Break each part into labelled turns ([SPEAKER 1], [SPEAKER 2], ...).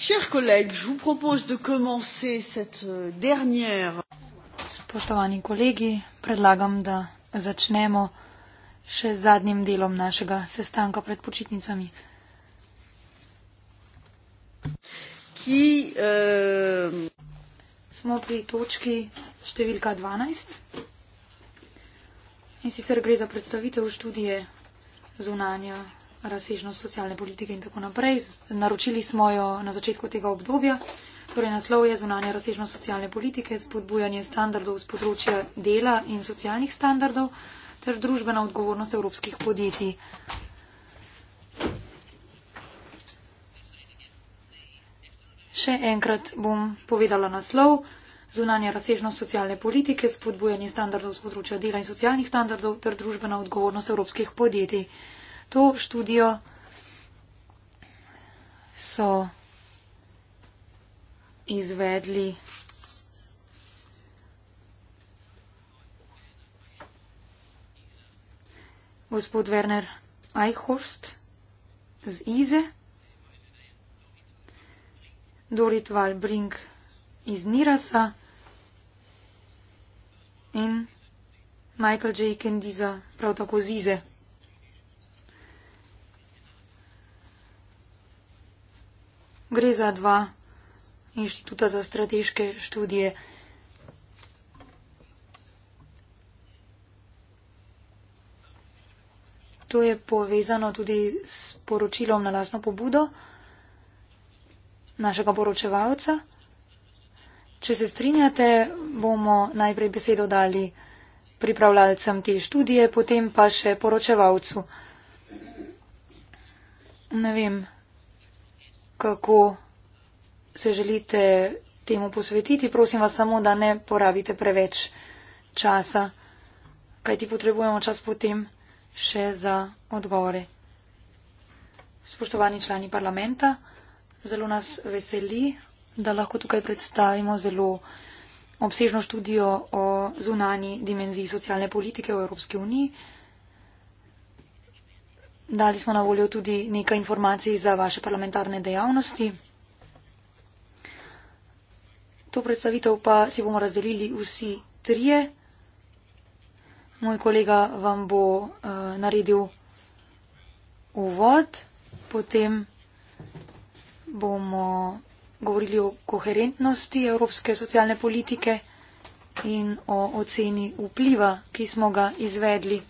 [SPEAKER 1] chers collègues je vous propose de
[SPEAKER 2] commencer cette euh, dernière spoštovani kolegi predlagam da začnemo še z zadnjim delom našega sestanka pred počitnicami ki euh... smo pri točki številka dvanajst in sicer gre za predstavitev študije zunanja razsežnost socialne politike in tako naprej. Naročili smo jo na začetku tega obdobja. Torej, naslov je zunanja razsežnost socialne politike, spodbujanje standardov z področja dela in socialnih standardov ter družbena odgovornost evropskih podjetij. Še enkrat bom povedala naslov. Zunanja razsežnost socialne politike, spodbujanje standardov z področja dela in socialnih standardov ter družbena odgovornost evropskih podjetij to študijo so izvedli gospod Werner Eichhorst z Ize, Dorit Walbrink iz Nirasa in Michael J. Kendiza prav tako z Ize. Gre za dva inštituta za strateške študije. To je povezano tudi s poročilom na lasno pobudo našega poročevalca. Če se strinjate, bomo najprej besedo dali pripravljalcem te študije, potem pa še poročevalcu. Ne vem, kako se želite temu posvetiti. Prosim vas samo, da ne porabite preveč časa, kaj ti potrebujemo čas potem še za odgovore. Spoštovani člani parlamenta, zelo nas veseli, da lahko tukaj predstavimo zelo obsežno študijo o zunani dimenziji socialne politike v Evropski uniji. Dali smo na voljo tudi nekaj informacij za vaše parlamentarne dejavnosti. To predstavitev pa si bomo razdelili vsi trije. Moj kolega vam bo uh, naredil uvod, potem bomo govorili o koherentnosti evropske socialne politike in o oceni vpliva, ki smo ga izvedli.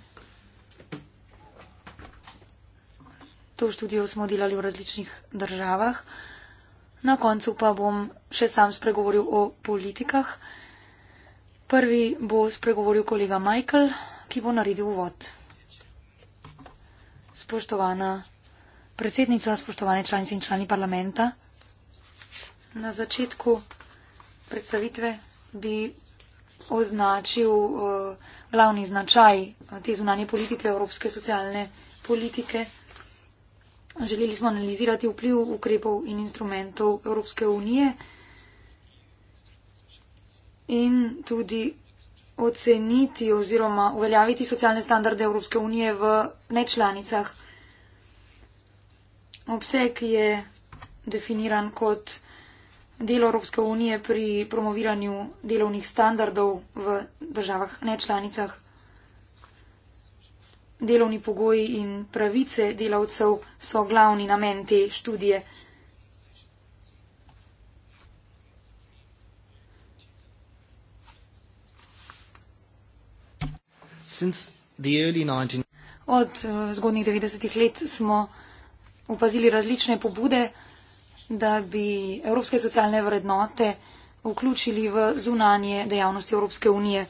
[SPEAKER 2] To študijo smo delali v različnih državah. Na koncu pa bom še sam spregovoril o politikah. Prvi bo spregovoril kolega Michael, ki bo naredil uvod. Spoštovana predsednica, spoštovane članice in člani parlamenta, na začetku predstavitve bi označil uh, glavni značaj eh, te zunanje politike, evropske socialne politike. Želeli smo analizirati vpliv ukrepov in instrumentov Evropske unije in tudi oceniti oziroma uveljaviti socialne standarde Evropske unije v nečlanicah. Obseg je definiran kot delo Evropske unije pri promoviranju delovnih standardov v državah nečlanicah delovni pogoji in pravice delavcev so glavni namen te študije. Od eh, zgodnjih 90-ih let smo upazili različne pobude, da bi evropske socialne vrednote vključili v zunanje dejavnosti Evropske unije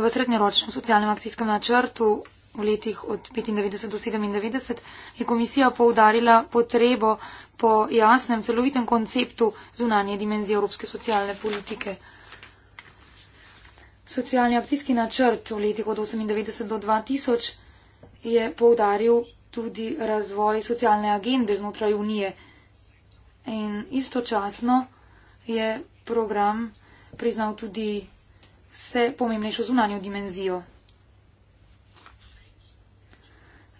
[SPEAKER 2] v srednjeročnem socialnem akcijskem načrtu v letih od 95 do 97 je komisija poudarila potrebo po jasnem, celovitem konceptu zunanje dimenzije evropske socialne politike. Socialni akcijski načrt v letih od 98 do 2000 je poudaril tudi razvoj socialne agende znotraj unije. In istočasno je program priznal tudi vse pomembnejšo zunanjo dimenzijo.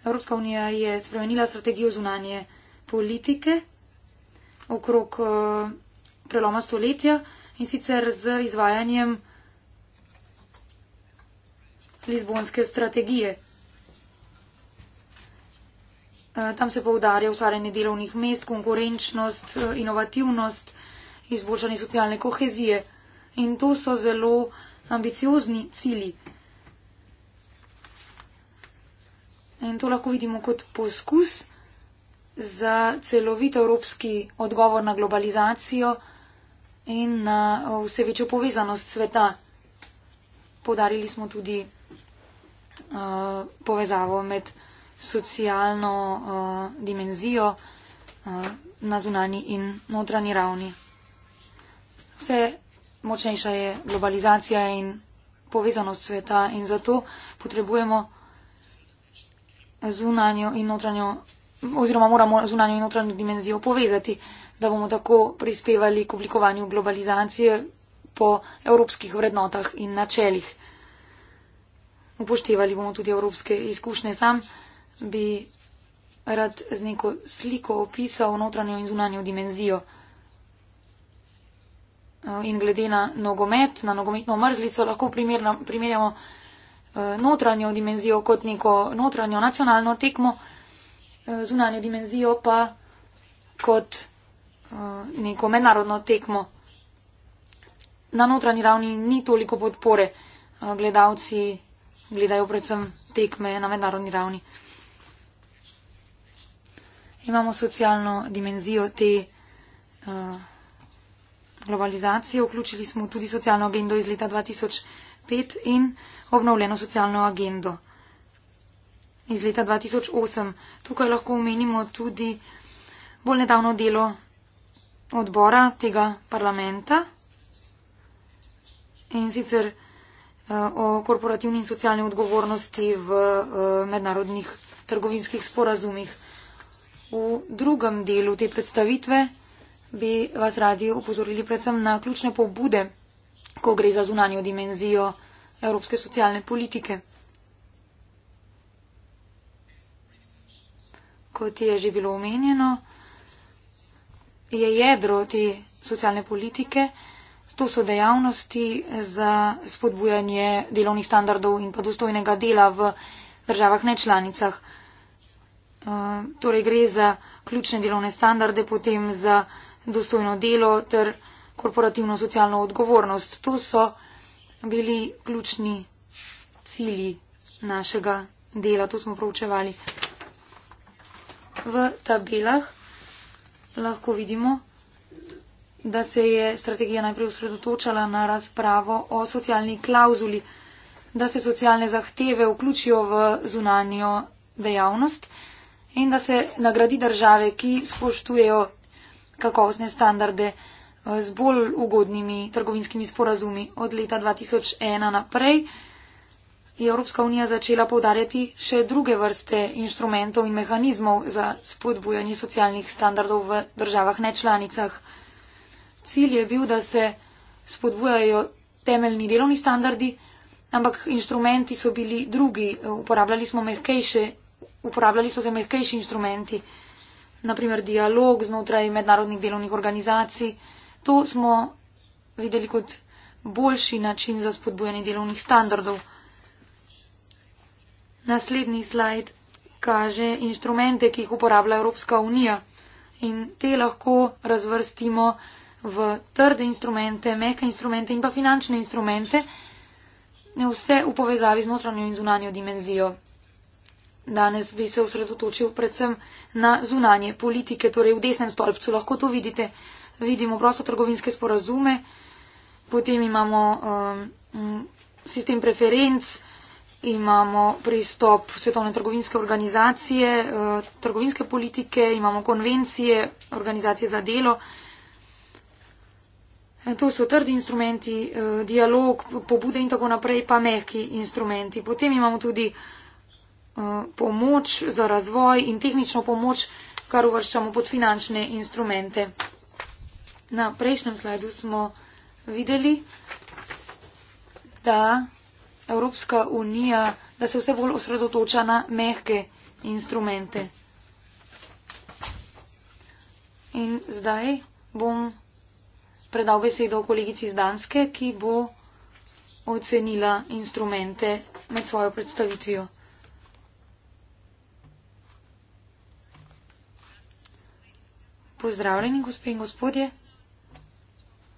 [SPEAKER 2] Evropska unija je spremenila strategijo zunanje politike okrog eh, preloma stoletja in sicer z izvajanjem Lizbonske strategije. Eh, tam se povdarja ustvarjanje delovnih mest, konkurenčnost, eh, inovativnost, izboljšanje socialne kohezije. In to so zelo ambiciozni cili. In to lahko vidimo kot poskus za celovit evropski odgovor na globalizacijo in na uh, vse večjo povezanost sveta. Podarili smo tudi uh, povezavo med socialno uh, dimenzijo uh, na zunani in notranji ravni. Vse močnejša je globalizacija in povezanost sveta in zato potrebujemo zunanjo in notranjo, oziroma moramo zunanjo in notranjo dimenzijo povezati, da bomo tako prispevali k oblikovanju globalizacije po evropskih vrednotah in načelih. Upoštevali bomo tudi evropske izkušnje. Sam bi rad z neko sliko opisal notranjo in zunanjo dimenzijo. Eh, in glede na nogomet, na nogometno mrzlico, lahko primerjamo eh, notranjo dimenzijo kot neko notranjo nacionalno tekmo, eh, zunanjo dimenzijo pa kot neko mednarodno tekmo. Na notranji ravni ni toliko podpore. Gledalci gledajo predvsem tekme na mednarodni ravni. Imamo socialno dimenzijo te uh, globalizacije, vključili smo tudi socialno agendo iz leta 2005 in obnovljeno socialno agendo iz leta 2008. Tukaj lahko omenimo tudi bolj nedavno delo odbora tega parlamenta in sicer eh, o korporativni in socialni odgovornosti v eh, mednarodnih trgovinskih sporazumih. V drugem delu te predstavitve bi vas radi upozorili predvsem na ključne pobude, ko gre za zunanjo dimenzijo evropske socialne politike. Kot je že bilo omenjeno, je jedro te socialne politike, to so dejavnosti za spodbujanje delovnih standardov in pa dostojnega dela v državah nečlanicah. Eh, torej gre za ključne delovne standarde, potem za dostojno delo ter korporativno socialno odgovornost. To so bili ključni cilji našega dela, to smo proučevali. V tabelah lahko vidimo, da se je strategija najprej usredotočala na razpravo o socialni klauzuli, da se socialne zahteve vključijo v zunanjo dejavnost in da se nagradi države, ki spoštujejo kakovostne standarde eh, z bolj ugodnimi trgovinskimi sporazumi od leta 2001 naprej, je Evropska unija začela povdarjati še druge vrste inštrumentov in mehanizmov za spodbujanje socialnih standardov v državah nečlanicah. Cilj je bil, da se spodbujajo temeljni delovni standardi, ampak inštrumenti so bili drugi, uporabljali, smo mehkejše, uporabljali so se mehkejši inštrumenti naprimer dialog znotraj mednarodnih delovnih organizacij. To smo videli kot boljši način za spodbujanje delovnih standardov. Naslednji slajd kaže inštrumente, ki jih uporablja Evropska unija in te lahko razvrstimo v trde instrumente, meke instrumente in pa finančne instrumente, vse v povezavi z notranjo in zunanjo dimenzijo. Danes bi se osredotočil predvsem na zunanje politike, torej v desnem stolpcu lahko to vidite. Vidimo prosto trgovinske sporazume, potem imamo um, sistem preferenc, imamo pristop Svetovne trgovinske organizacije, uh, trgovinske politike, imamo konvencije, organizacije za delo. E, to so trdi instrumenti, uh, dialog, pobude in tako naprej, pa mehki instrumenti. Potem imamo tudi uh, Eh, pomoč za razvoj in tehnično pomoč, kar uvrščamo pod finančne instrumente. Na prejšnjem slajdu smo videli, da Evropska unija, da se vse bolj osredotoča na mehke instrumente. In zdaj bom predal besedo kolegici iz Danske, ki bo ocenila instrumente med svojo predstavitvijo. Pozdravljeni, gospe in gospodje.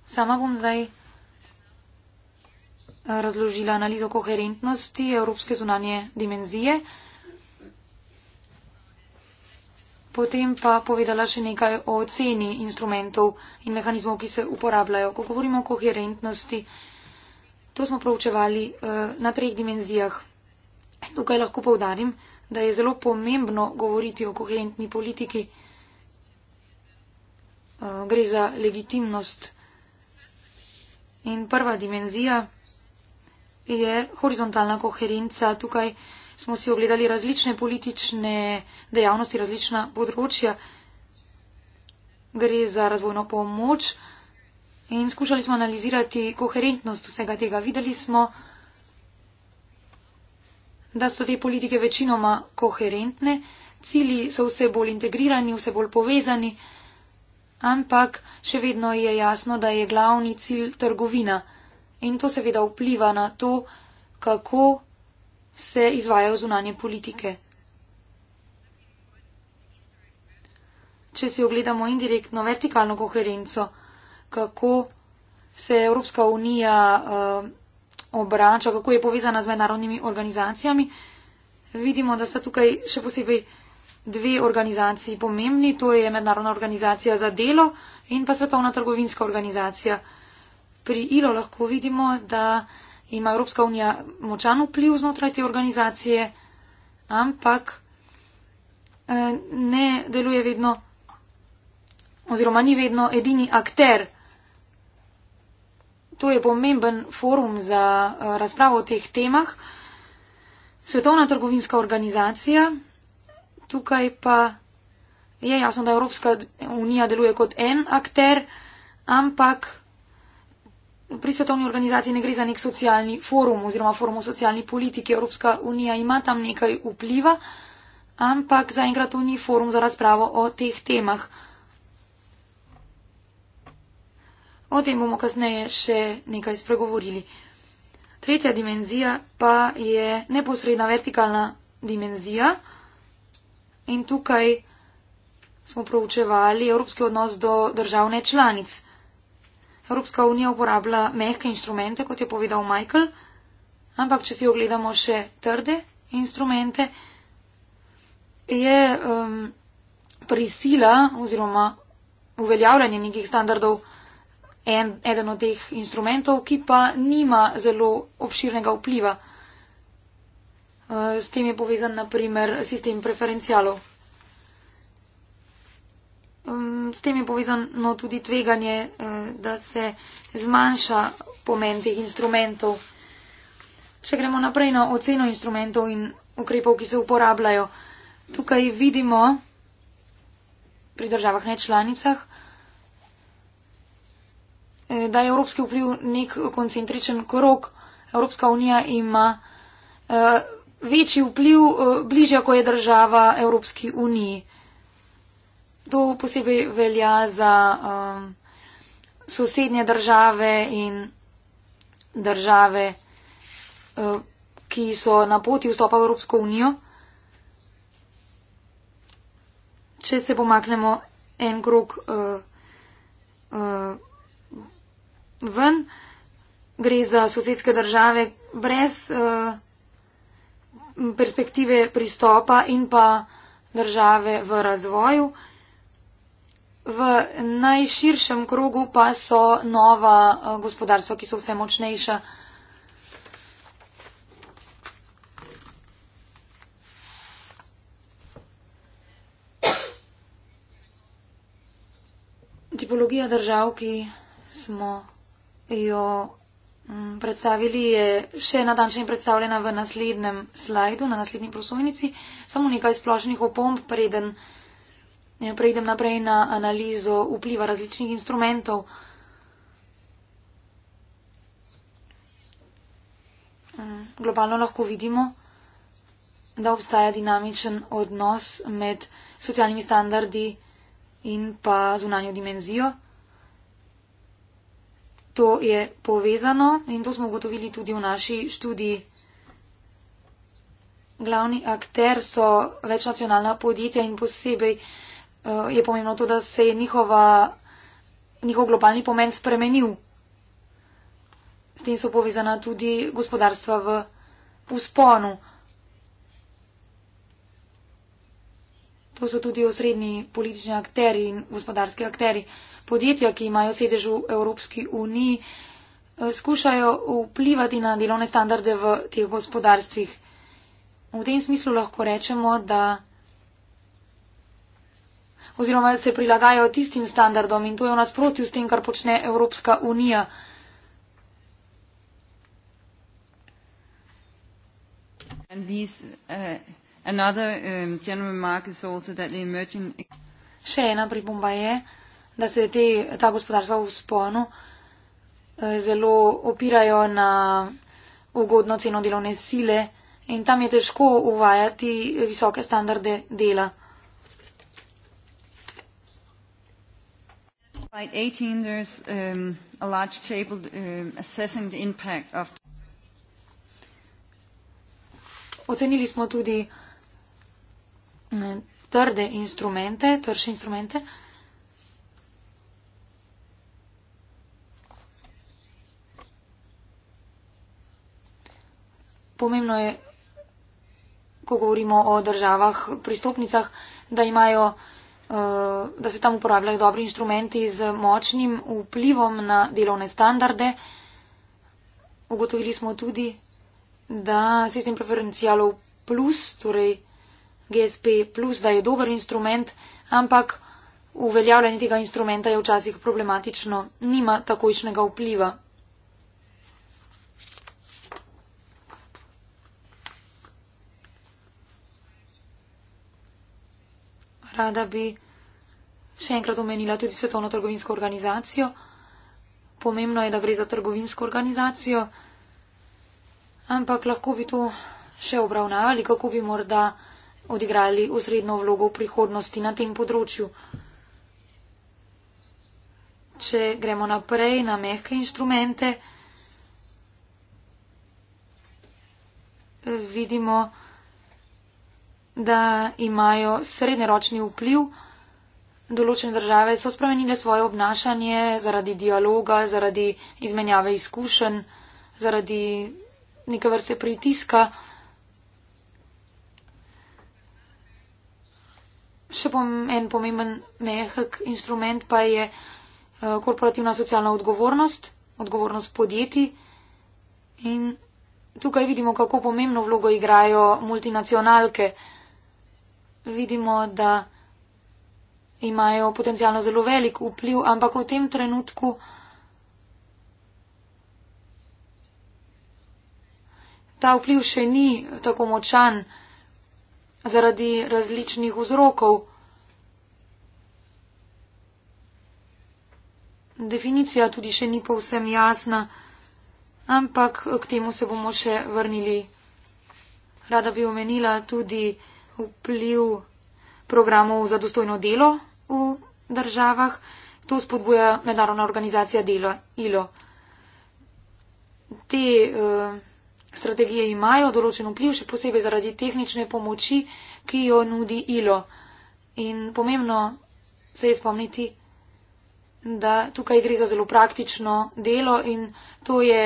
[SPEAKER 2] Sama bom zdaj eh, razložila analizo koherentnosti Evropske zunanje dimenzije. Potem pa povedala še nekaj o ceni instrumentov in mehanizmov, ki se uporabljajo. Ko govorimo o koherentnosti, to smo proučevali eh, na treh dimenzijah. Tukaj lahko povdarim, da je zelo pomembno govoriti o koherentni politiki. Eh, gre za legitimnost. In prva dimenzija je horizontalna koherenca. Tukaj smo si ogledali različne politične dejavnosti, različna področja. Gre za razvojno pomoč in skušali smo analizirati koherentnost vsega tega. Videli smo, da so te politike večinoma koherentne, cili so vse bolj integrirani, vse bolj povezani ampak še vedno je jasno, da je glavni cilj trgovina. In to seveda vpliva na to, kako se izvajajo zunanje politike. Če si ogledamo indirektno vertikalno koherenco, kako se Evropska unija uh, obrača, kako je povezana z mednarodnimi organizacijami, vidimo, da sta tukaj še posebej dve organizaciji pomembni, to je Mednarodna organizacija za delo in pa Svetovna trgovinska organizacija. Pri ILO lahko vidimo, da ima Evropska unija močan vpliv znotraj te organizacije, ampak eh, ne deluje vedno oziroma ni vedno edini akter. To je pomemben forum za eh, razpravo o teh temah. Svetovna trgovinska organizacija tukaj pa je jasno, da Evropska unija deluje kot en akter, ampak pri svetovni organizaciji ne gre za nek socialni forum oziroma forum o socialni politiki. Evropska unija ima tam nekaj vpliva, ampak zaenkrat to ni forum za razpravo o teh temah. O tem bomo kasneje še nekaj spregovorili. Tretja dimenzija pa je neposredna vertikalna dimenzija. In tukaj smo proučevali evropski odnos do državne članic. Evropska unija uporablja mehke instrumente, kot je povedal Michael, ampak če si ogledamo še trde instrumente, je um, prisila oziroma uveljavljanje nekih standardov en, eden od teh instrumentov, ki pa nima zelo obširnega vpliva. Eh, s tem je povezan, naprimer, sistem preferencialov. S tem je povezano tudi tveganje, eh, da se zmanjša pomen teh instrumentov. Če gremo naprej na oceno instrumentov in ukrepov, ki se uporabljajo, tukaj vidimo pri državah nečlanicah, eh, da je evropski vpliv nek koncentričen krok. Evropska unija ima večji vpliv, eh, bližja, ko je država Evropski uniji. To posebej velja za um, sosednje države in države, um, ki so na poti vstopa v Evropsko unijo. Če se pomaknemo en krok uh, uh, ven, gre za sosedske države brez. Uh, perspektive pristopa in pa države v razvoju. V najširšem krogu pa so nova eh, gospodarstva, ki so vse močnejša. Tipologija držav, ki smo jo Mm, predstavili je še na dan, še je predstavljena v naslednjem slajdu, na naslednji prosojnici. Samo nekaj splošnih opomb, preden ja, prejdem naprej na analizo vpliva različnih instrumentov. Mm, globalno lahko vidimo, da obstaja dinamičen odnos med socialnimi standardi in pa zunanjo dimenzijo to je povezano in to smo ugotovili tudi v naši študiji. Glavni akter so večnacionalna podjetja in posebej eh, je pomembno to, da se je njihova, njihov globalni pomen spremenil. S tem so povezana tudi gospodarstva v usponu. dejansko so tudi osrednji politični akteri in gospodarski akteri. Podjetja, ki imajo sedež v Evropski uniji, eh, skušajo vplivati na delovne standarde v teh gospodarstvih. V tem smislu lahko rečemo, da oziroma se prilagajajo tistim standardom in to je v nasprotju s tem, kar počne Evropska unija.
[SPEAKER 3] And these, uh... Another, um, general remark is also that the emerging...
[SPEAKER 4] E-
[SPEAKER 2] Še ena pripomba je, da se te, ta gospodarstva v sponu eh, zelo opirajo na ugodno ceno delovne sile in tam je težko uvajati visoke standarde dela.
[SPEAKER 3] Um, um,
[SPEAKER 2] Ocenili smo tudi trde instrumente, trše instrumente. Pomembno je, ko govorimo o državah pristopnicah, da imajo, eh, da se tam uporabljajo dobri instrumenti z močnim vplivom na delovne standarde. Ugotovili smo tudi, da sistem preferencijalov plus, torej GSP, plus, da je dober instrument, ampak uveljavljanje tega instrumenta je včasih problematično, nima takojšnjega vpliva. Rada bi še enkrat omenila tudi Svetovno trgovinsko organizacijo. Pomembno je, da gre za trgovinsko organizacijo, ampak lahko bi to še obravnavali, kako bi morda odigrali osrednjo vlogo v prihodnosti na tem področju. Če gremo naprej na mehke inštrumente, vidimo, da imajo srednjeročni vpliv. Določene države so spremenile svoje obnašanje zaradi dialoga, zaradi izmenjave izkušenj, zaradi neke vrste pritiska. še pom en pomemben mehek instrument pa je eh, korporativna socialna odgovornost, odgovornost podjetij. In tukaj vidimo, kako pomembno vlogo igrajo multinacionalke. Vidimo, da imajo potencialno zelo velik vpliv, ampak v tem trenutku ta vpliv še ni tako močan zaradi različnih vzrokov. Definicija tudi še ni povsem jasna, ampak k temu se bomo še vrnili. Rada bi omenila tudi vpliv programov za dostojno delo v državah. To spodbuja mednarodna organizacija dela ILO. Te uh, strategije imajo določen vpliv, še posebej zaradi tehnične pomoči, ki jo nudi ILO. In pomembno se je spomniti, da tukaj gre za zelo praktično delo in to je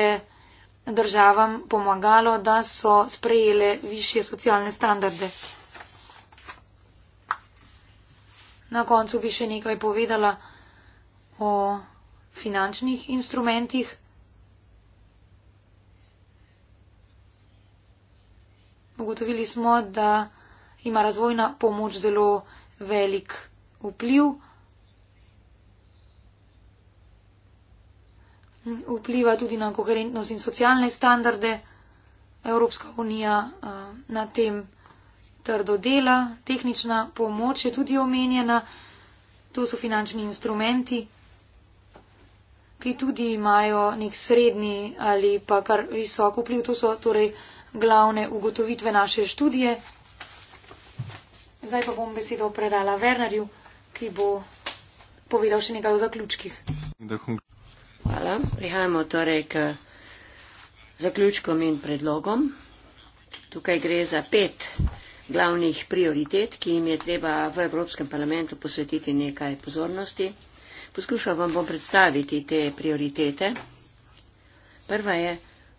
[SPEAKER 2] državam pomagalo, da so sprejele više socialne standarde. Na koncu bi še nekaj povedala o finančnih instrumentih. Ugotovili smo, da ima razvojna pomoč zelo velik vpliv. Vpliva tudi na koherentnost in socialne standarde. Evropska unija eh, na tem trdo dela. Tehnična pomoč je tudi omenjena. To so finančni instrumenti, ki tudi imajo nek srednji ali pa kar visok vpliv. To so torej glavne ugotovitve naše študije. Zdaj pa bom besedo predala Vernerju, ki bo povedal še nekaj o zaključkih. Hvala.
[SPEAKER 5] Prihajamo torej k zaključkom in predlogom. Tukaj gre za pet glavnih prioritet, ki jim je treba v Evropskem parlamentu posvetiti nekaj pozornosti. Poskušal vam bom predstaviti te prioritete. Prva je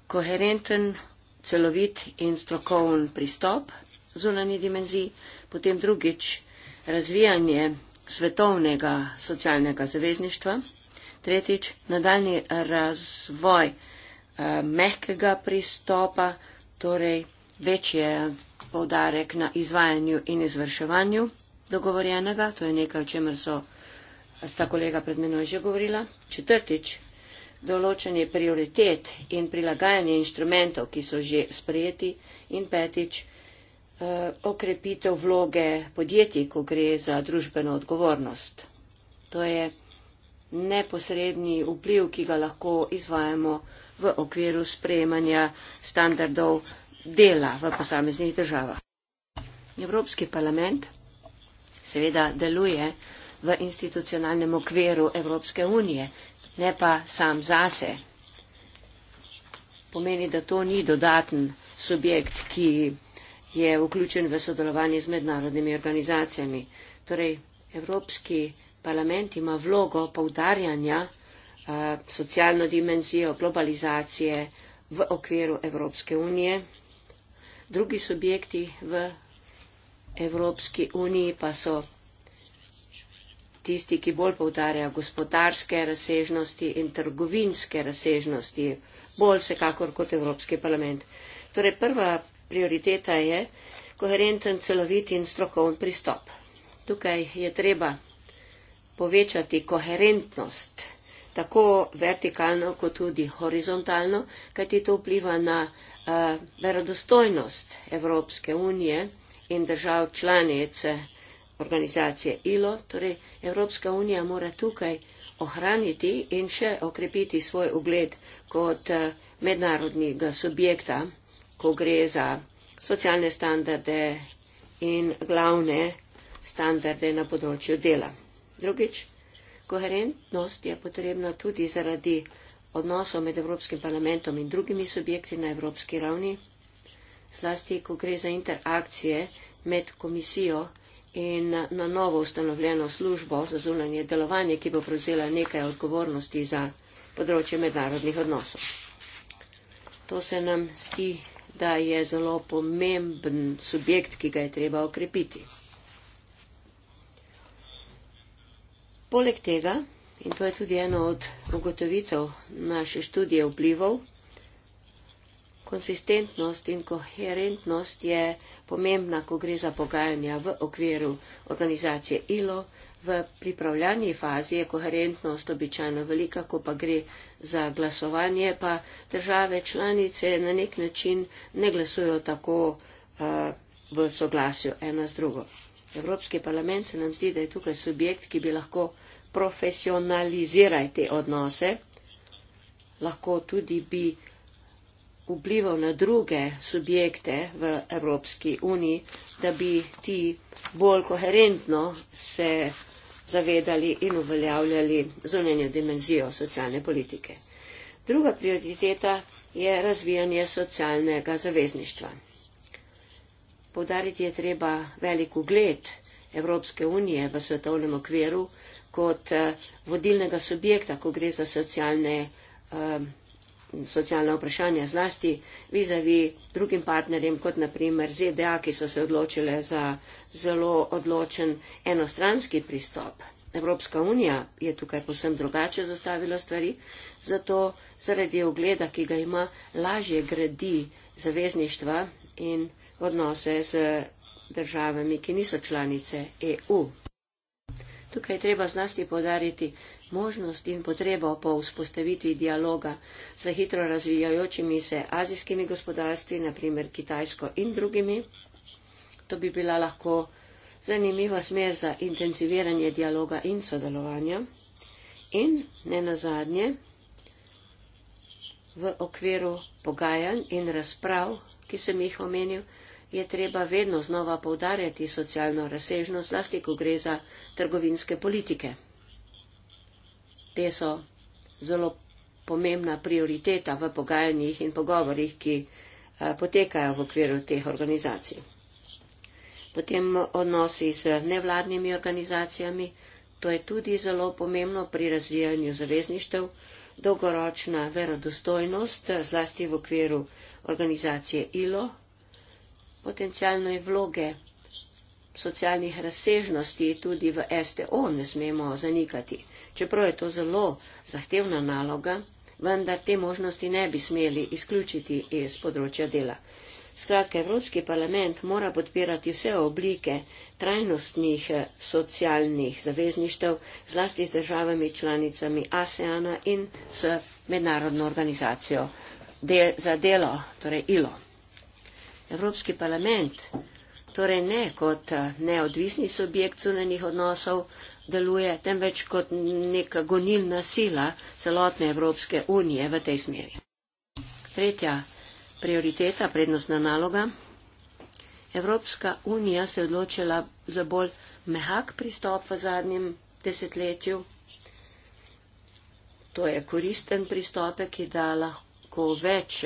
[SPEAKER 5] koherenten celovit in strokoven pristop zunanji dimenziji, potem drugič razvijanje svetovnega socialnega zavezništva, tretjič nadaljni razvoj eh, mehkega pristopa, torej večje povdarek na izvajanju in izvrševanju dogovorjenega, to je nekaj, o čemer so sta kolega pred menoj že govorila, četrtič določanje prioritet in prilagajanje inštrumentov, ki so že sprejeti in petič eh, okrepitev vloge podjetij, ko gre za družbeno odgovornost. To je neposredni vpliv, ki ga lahko izvajamo v okviru sprejemanja standardov dela v posameznih državah. Evropski parlament seveda deluje v institucionalnem okviru Evropske unije, ne pa sam zase. Pomeni, da to ni dodaten subjekt, ki je vključen v sodelovanje z mednarodnimi organizacijami. Torej, Evropski parlament ima vlogo poudarjanja eh, socialno dimenzijo globalizacije v okviru Evropske unije. Drugi subjekti v Evropski uniji pa so tisti, ki bolj povdarja gospodarske razsežnosti in trgovinske razsežnosti, bolj vsekakor kot Evropski parlament. Torej, prva prioriteta je koherenten, celovit in strokovn pristop. Tukaj je treba povečati koherentnost, tako vertikalno, kot tudi horizontalno, kajti to vpliva na uh, verodostojnost Evropske unije in držav članice organizacije ILO, torej Evropska unija mora tukaj ohraniti in še okrepiti svoj ugled kot eh, mednarodnega subjekta, ko gre za socialne standarde in glavne standarde na področju dela. Drugič, koherentnost je potrebna tudi zaradi odnosov med Evropskim parlamentom in drugimi subjekti na evropski ravni, zlasti, ko gre za interakcije med komisijo in na novo ustanovljeno službo za zunanje delovanje, ki bo prevzela nekaj odgovornosti za področje mednarodnih odnosov. To se nam zdi, da je zelo pomemben subjekt, ki ga je treba okrepiti. Poleg tega, in to je tudi eno od ugotovitev naše študije vplivov, konsistentnost in koherentnost je pomembna, ko gre za pogajanja v okviru organizacije ILO. V pripravljanji fazi je koherentnost običajno velika, ko pa gre za glasovanje, pa države članice na nek način ne glasujo tako uh, v soglasju ena z drugo. Evropski parlament se nam zdi, da je tukaj subjekt, ki bi lahko profesionaliziral te odnose, lahko tudi bi vplival na druge subjekte v Evropski uniji, da bi ti bolj koherentno se zavedali in uveljavljali zunanjo dimenzijo socialne politike. Druga prioriteta je razvijanje socialnega zavezništva. Podariti je treba velik ugled Evropske unije v svetovnem okviru kot eh, vodilnega subjekta, ko gre za socialne um, socialna vprašanja zlasti vizavi drugim partnerjem, kot naprimer ZDA, ki so se odločile za zelo odločen enostranski pristop. Evropska unija je tukaj posem drugače zastavila stvari, zato zaradi ogleda, ki ga ima, lažje gradi zavezništva in odnose z državami, ki niso članice EU. Tukaj treba zlasti podariti Možnost in potrebo po vzpostavitvi dialoga z hitro razvijajočimi se azijskimi gospodarstvi, naprimer Kitajsko in drugimi, to bi bila lahko zanimiva smer za intenziviranje dialoga in sodelovanja. In ne nazadnje, v okviru pogajanj in razprav, ki sem jih omenil, je treba vedno znova povdarjati socialno razsežnost, zlasti ko gre za trgovinske politike te so zelo pomembna prioriteta v pogajanjih in pogovorjih, ki eh, potekajo v okviru teh organizacij. Potem odnosi z nevladnimi organizacijami, to je tudi zelo pomembno pri razvijanju zavezništev, dolgoročna verodostojnost, eh, zlasti v okviru organizacije ILO, potencijalne vloge socialnih razsežnosti tudi v STO ne smemo zanikati. Čeprav je to zelo zahtevna naloga, vendar te možnosti ne bi smeli izključiti iz področja dela. Skratka, Evropski parlament mora podpirati vse oblike trajnostnih eh, socialnih zavezništev, zlasti z državami članicami ASEANA in s mednarodno organizacijo za delo, torej ILO. Evropski parlament torej ne kot eh, neodvisni subjekt zunanjih odnosov, deluje, temveč kot neka gonilna sila celotne Evropske unije v tej smeri. Tretja prioriteta, prednostna naloga. Evropska unija se je odločila za bolj mehak pristop v zadnjem desetletju. To je koristen pristop, ki da lahko več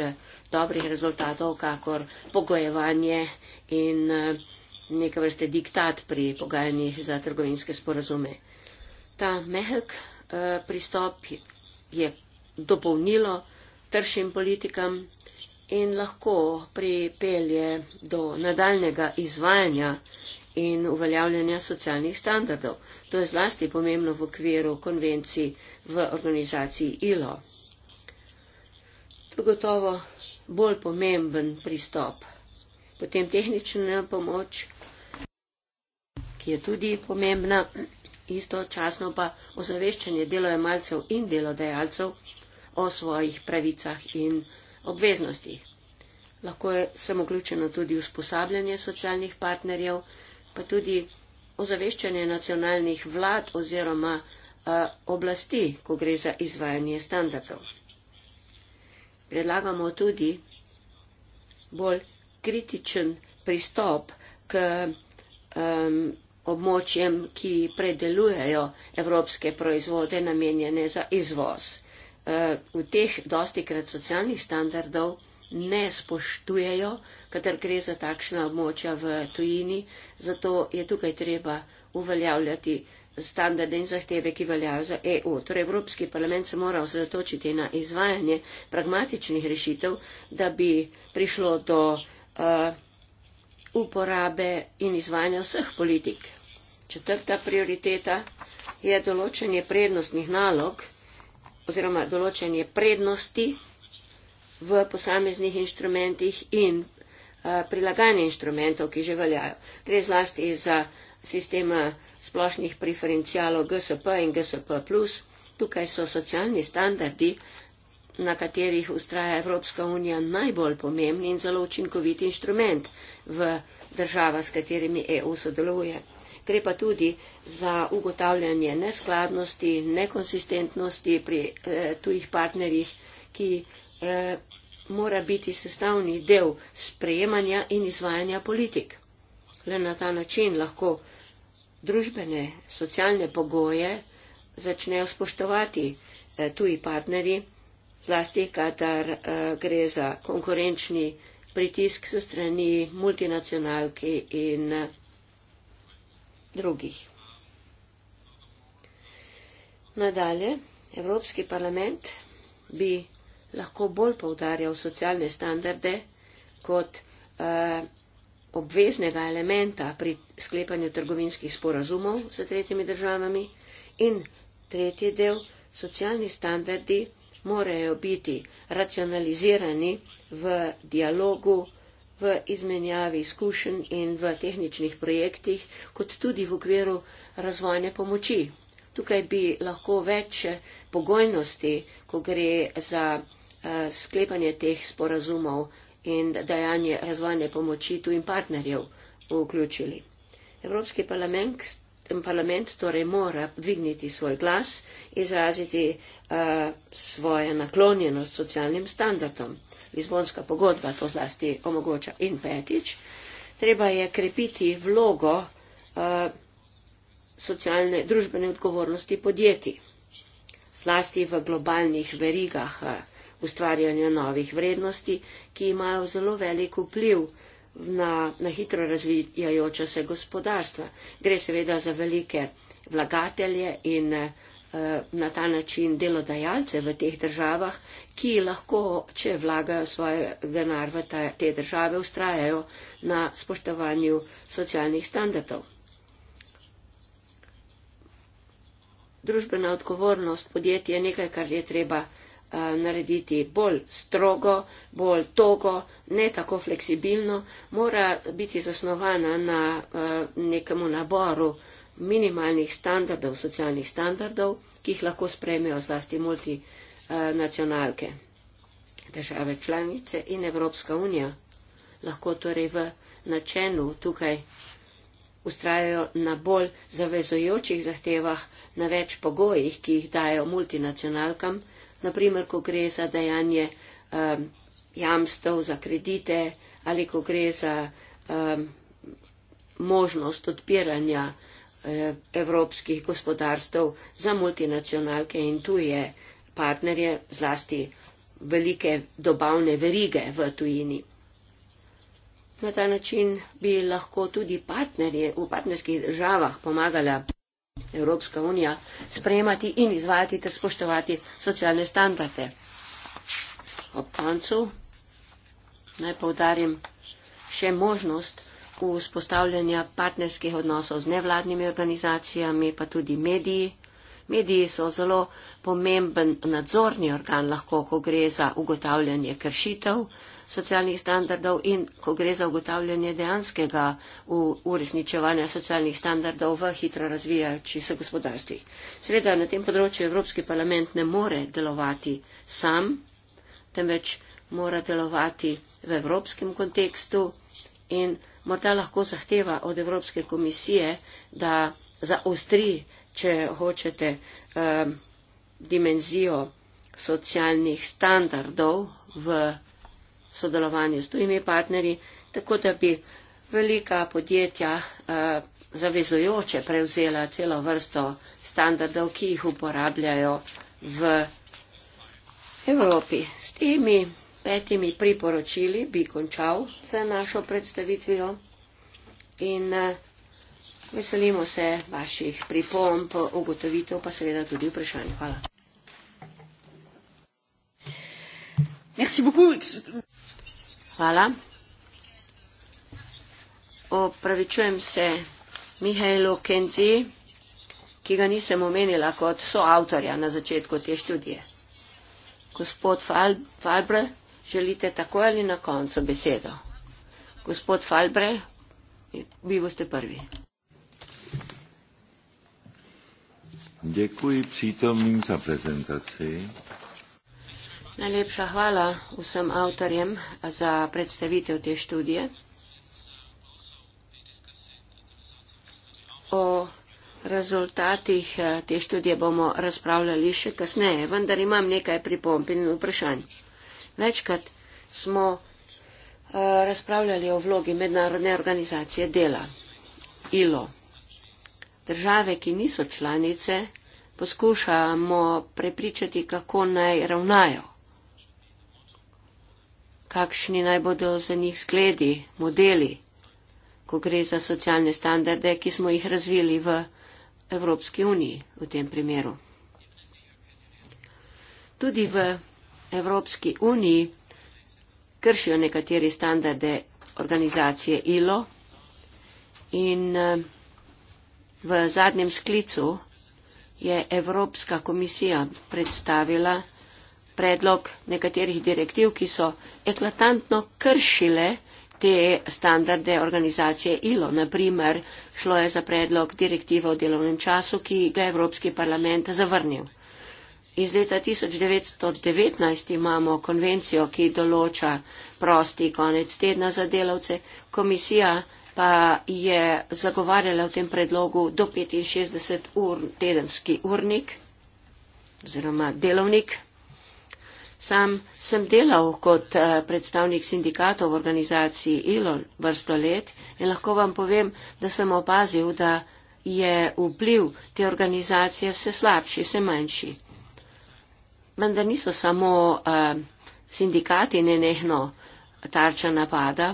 [SPEAKER 5] dobrih rezultatov, kakor pogojevanje in eh, neka vrste diktat pri pogajanjih za trgovinske sporazume. Ta mehek uh, pristop je dopolnilo tršim politikam in lahko pripelje do nadaljnega izvajanja in uveljavljanja socialnih standardov. To je zlasti pomembno v okviru konvencij v organizaciji ILO. To je gotovo bolj pomemben pristop. Potem tehnična pomoč, ki je tudi pomembna, istočasno pa ozaveščanje delojemalcev in delodajalcev o svojih pravicah in obveznostih. Lahko je samoključeno tudi usposabljanje socialnih partnerjev, pa tudi ozaveščanje nacionalnih vlad oziroma a, eh, oblasti, ko gre za izvajanje standardov. Predlagamo tudi bolj kritičen pristop k um, območjem, ki predelujejo evropske proizvode namenjene za izvoz. Eh, v teh dosti krat socialnih standardov ne spoštujejo, kater gre za takšna območja v tujini, zato je tukaj treba uveljavljati standarde in zahteve, ki veljajo za EU. Torej, Evropski parlament se mora osredotočiti na izvajanje pragmatičnih rešitev, da bi prišlo do uh, uporabe in izvajanja vseh politik. Četrta prioriteta je določenje prednostnih nalog oziroma določenje prednosti v posameznih inštrumentih in eh, prilagajanje inštrumentov, ki že veljajo. Gre zlasti za sistema splošnih preferencialov GSP in GSP. Tukaj so socialni standardi na katerih ustraja Evropska unija najbolj pomembni in zelo učinkovit inštrument v država, s katerimi EU sodeluje. Gre pa tudi za ugotavljanje neskladnosti, nekonsistentnosti pri eh, tujih partnerjih, ki eh, mora biti sestavni del sprejemanja in izvajanja politik. Le na ta način lahko družbene, socialne pogoje začnejo spoštovati eh, tuji partnerji, zlasti, kadar uh, gre za konkurenčni pritisk se strani multinacionalki in uh, drugih. Nadalje, Evropski parlament bi lahko bolj povdarjal socialne standarde kot uh, obveznega elementa pri sklepanju trgovinskih sporazumov z tretjimi državami in tretji del, socialni standardi morajo biti racionalizirani v dialogu, v izmenjavi izkušenj in v tehničnih projektih, kot tudi v okviru razvojne pomoči. Tukaj bi lahko več pogojnosti, ko gre za eh, sklepanje teh sporazumov in dajanje razvojne pomoči tujim partnerjev, vključili. Evropski parlament parlament torej mora dvigniti svoj glas, izraziti uh, eh, svojo naklonjenost socialnim standardom. Lizbonska pogodba to zlasti omogoča. In petič, treba je krepiti vlogo uh, socialne družbene odgovornosti podjetij, zlasti v globalnih verigah uh, ustvarjanja novih vrednosti, ki imajo zelo velik vpliv na, na hitro razvijajoče se gospodarstva. Gre seveda za velike vlagatelje in eh, na ta način delodajalce v teh državah, ki lahko, če vlagajo svoj denar v ta, te države, ustrajajo na spoštovanju socialnih standardov. Družbena odgovornost podjetja je nekaj, kar je treba Eh, narediti bolj strogo, bolj togo, ne tako fleksibilno, mora biti zasnovana na eh, nekemu naboru minimalnih standardov, socialnih standardov, ki jih lahko sprejmejo zlasti multinacionalke, države članice in Evropska unija. Lahko torej v načenu tukaj ustrajajo na bolj zavezojočih zahtevah, na več pogojih, ki jih dajo multinacionalkam, naprimer, ko gre za dajanje um, jamstev za kredite ali ko gre za um, možnost odpiranja um, evropskih gospodarstv za multinacionalke in tuje partnerje, zlasti velike dobavne verige v tujini. Na ta način bi lahko tudi partnerje v partnerskih državah pomagala Evropska unija sprejemati in izvajati ter spoštovati socialne standarde. Ob koncu naj povdarim še možnost vzpostavljanja partnerskih odnosov z nevladnimi organizacijami, pa tudi mediji. Mediji so zelo pomemben nadzorni organ, lahko, ko gre za ugotavljanje kršitev socialnih standardov in ko gre za ugotavljanje dejanskega uresničevanja socialnih standardov v hitro razvijajoči se gospodarstvih. Sveda na tem področju Evropski parlament ne more delovati sam, temveč mora delovati v evropskem kontekstu in morda lahko zahteva od Evropske komisije, da zaostri če hočete, eh, dimenzijo socialnih standardov v sodelovanju s tujimi partnerji, tako da bi velika podjetja eh, zavezojoče prevzela celo vrsto standardov, ki jih uporabljajo v Evropi. S temi petimi priporočili bi končal za našo predstavitvijo in eh, Veselimo se vaših pripomb, ugotovitev, pa seveda tudi vprašanj. Hvala. Hvala. Opravičujem se Mihajlu Kenci, ki ga nisem omenila kot soavtorja na začetku te študije. Gospod Falbre, želite tako ali na koncu besedo? Gospod Falbre, vi boste prvi.
[SPEAKER 6] Děkuji přítomným za prezentaci.
[SPEAKER 5] Najlepša hvala vsem avtorjem za predstavitev te študije. O rezultatih eh, te študije bomo razpravljali še kasneje, vendar imam nekaj pripomb in vprašanj. Večkrat smo eh, razpravljali o vlogi mednarodne organizacije dela ILO države, ki niso članice, poskušamo prepričati, kako naj ravnajo, kakšni naj bodo za njih zgledi, modeli, ko gre za socialne standarde, ki smo jih razvili v Evropski uniji v tem primeru. Tudi v Evropski uniji kršijo nekateri standarde organizacije ILO in uh, V zadnjem sklicu je Evropska komisija predstavila predlog nekaterih direktiv, ki so eklatantno kršile te standarde organizacije ILO. Naprimer, šlo je za predlog direktive o delovnem času, ki ga je Evropski parlament zavrnil. Iz leta 1919 imamo konvencijo, ki določa prosti konec tedna za delavce. Komisija pa je zagovarjala v tem predlogu do 65 ur tedenski urnik oziroma delovnik. Sam sem delal kot eh, predstavnik sindikatov v organizaciji ILOL vrsto let in lahko vam povem, da sem opazil, da je vpliv te organizacije vse slabši, vse manjši. Vendar niso samo uh, sindikati nenehno tarča napada,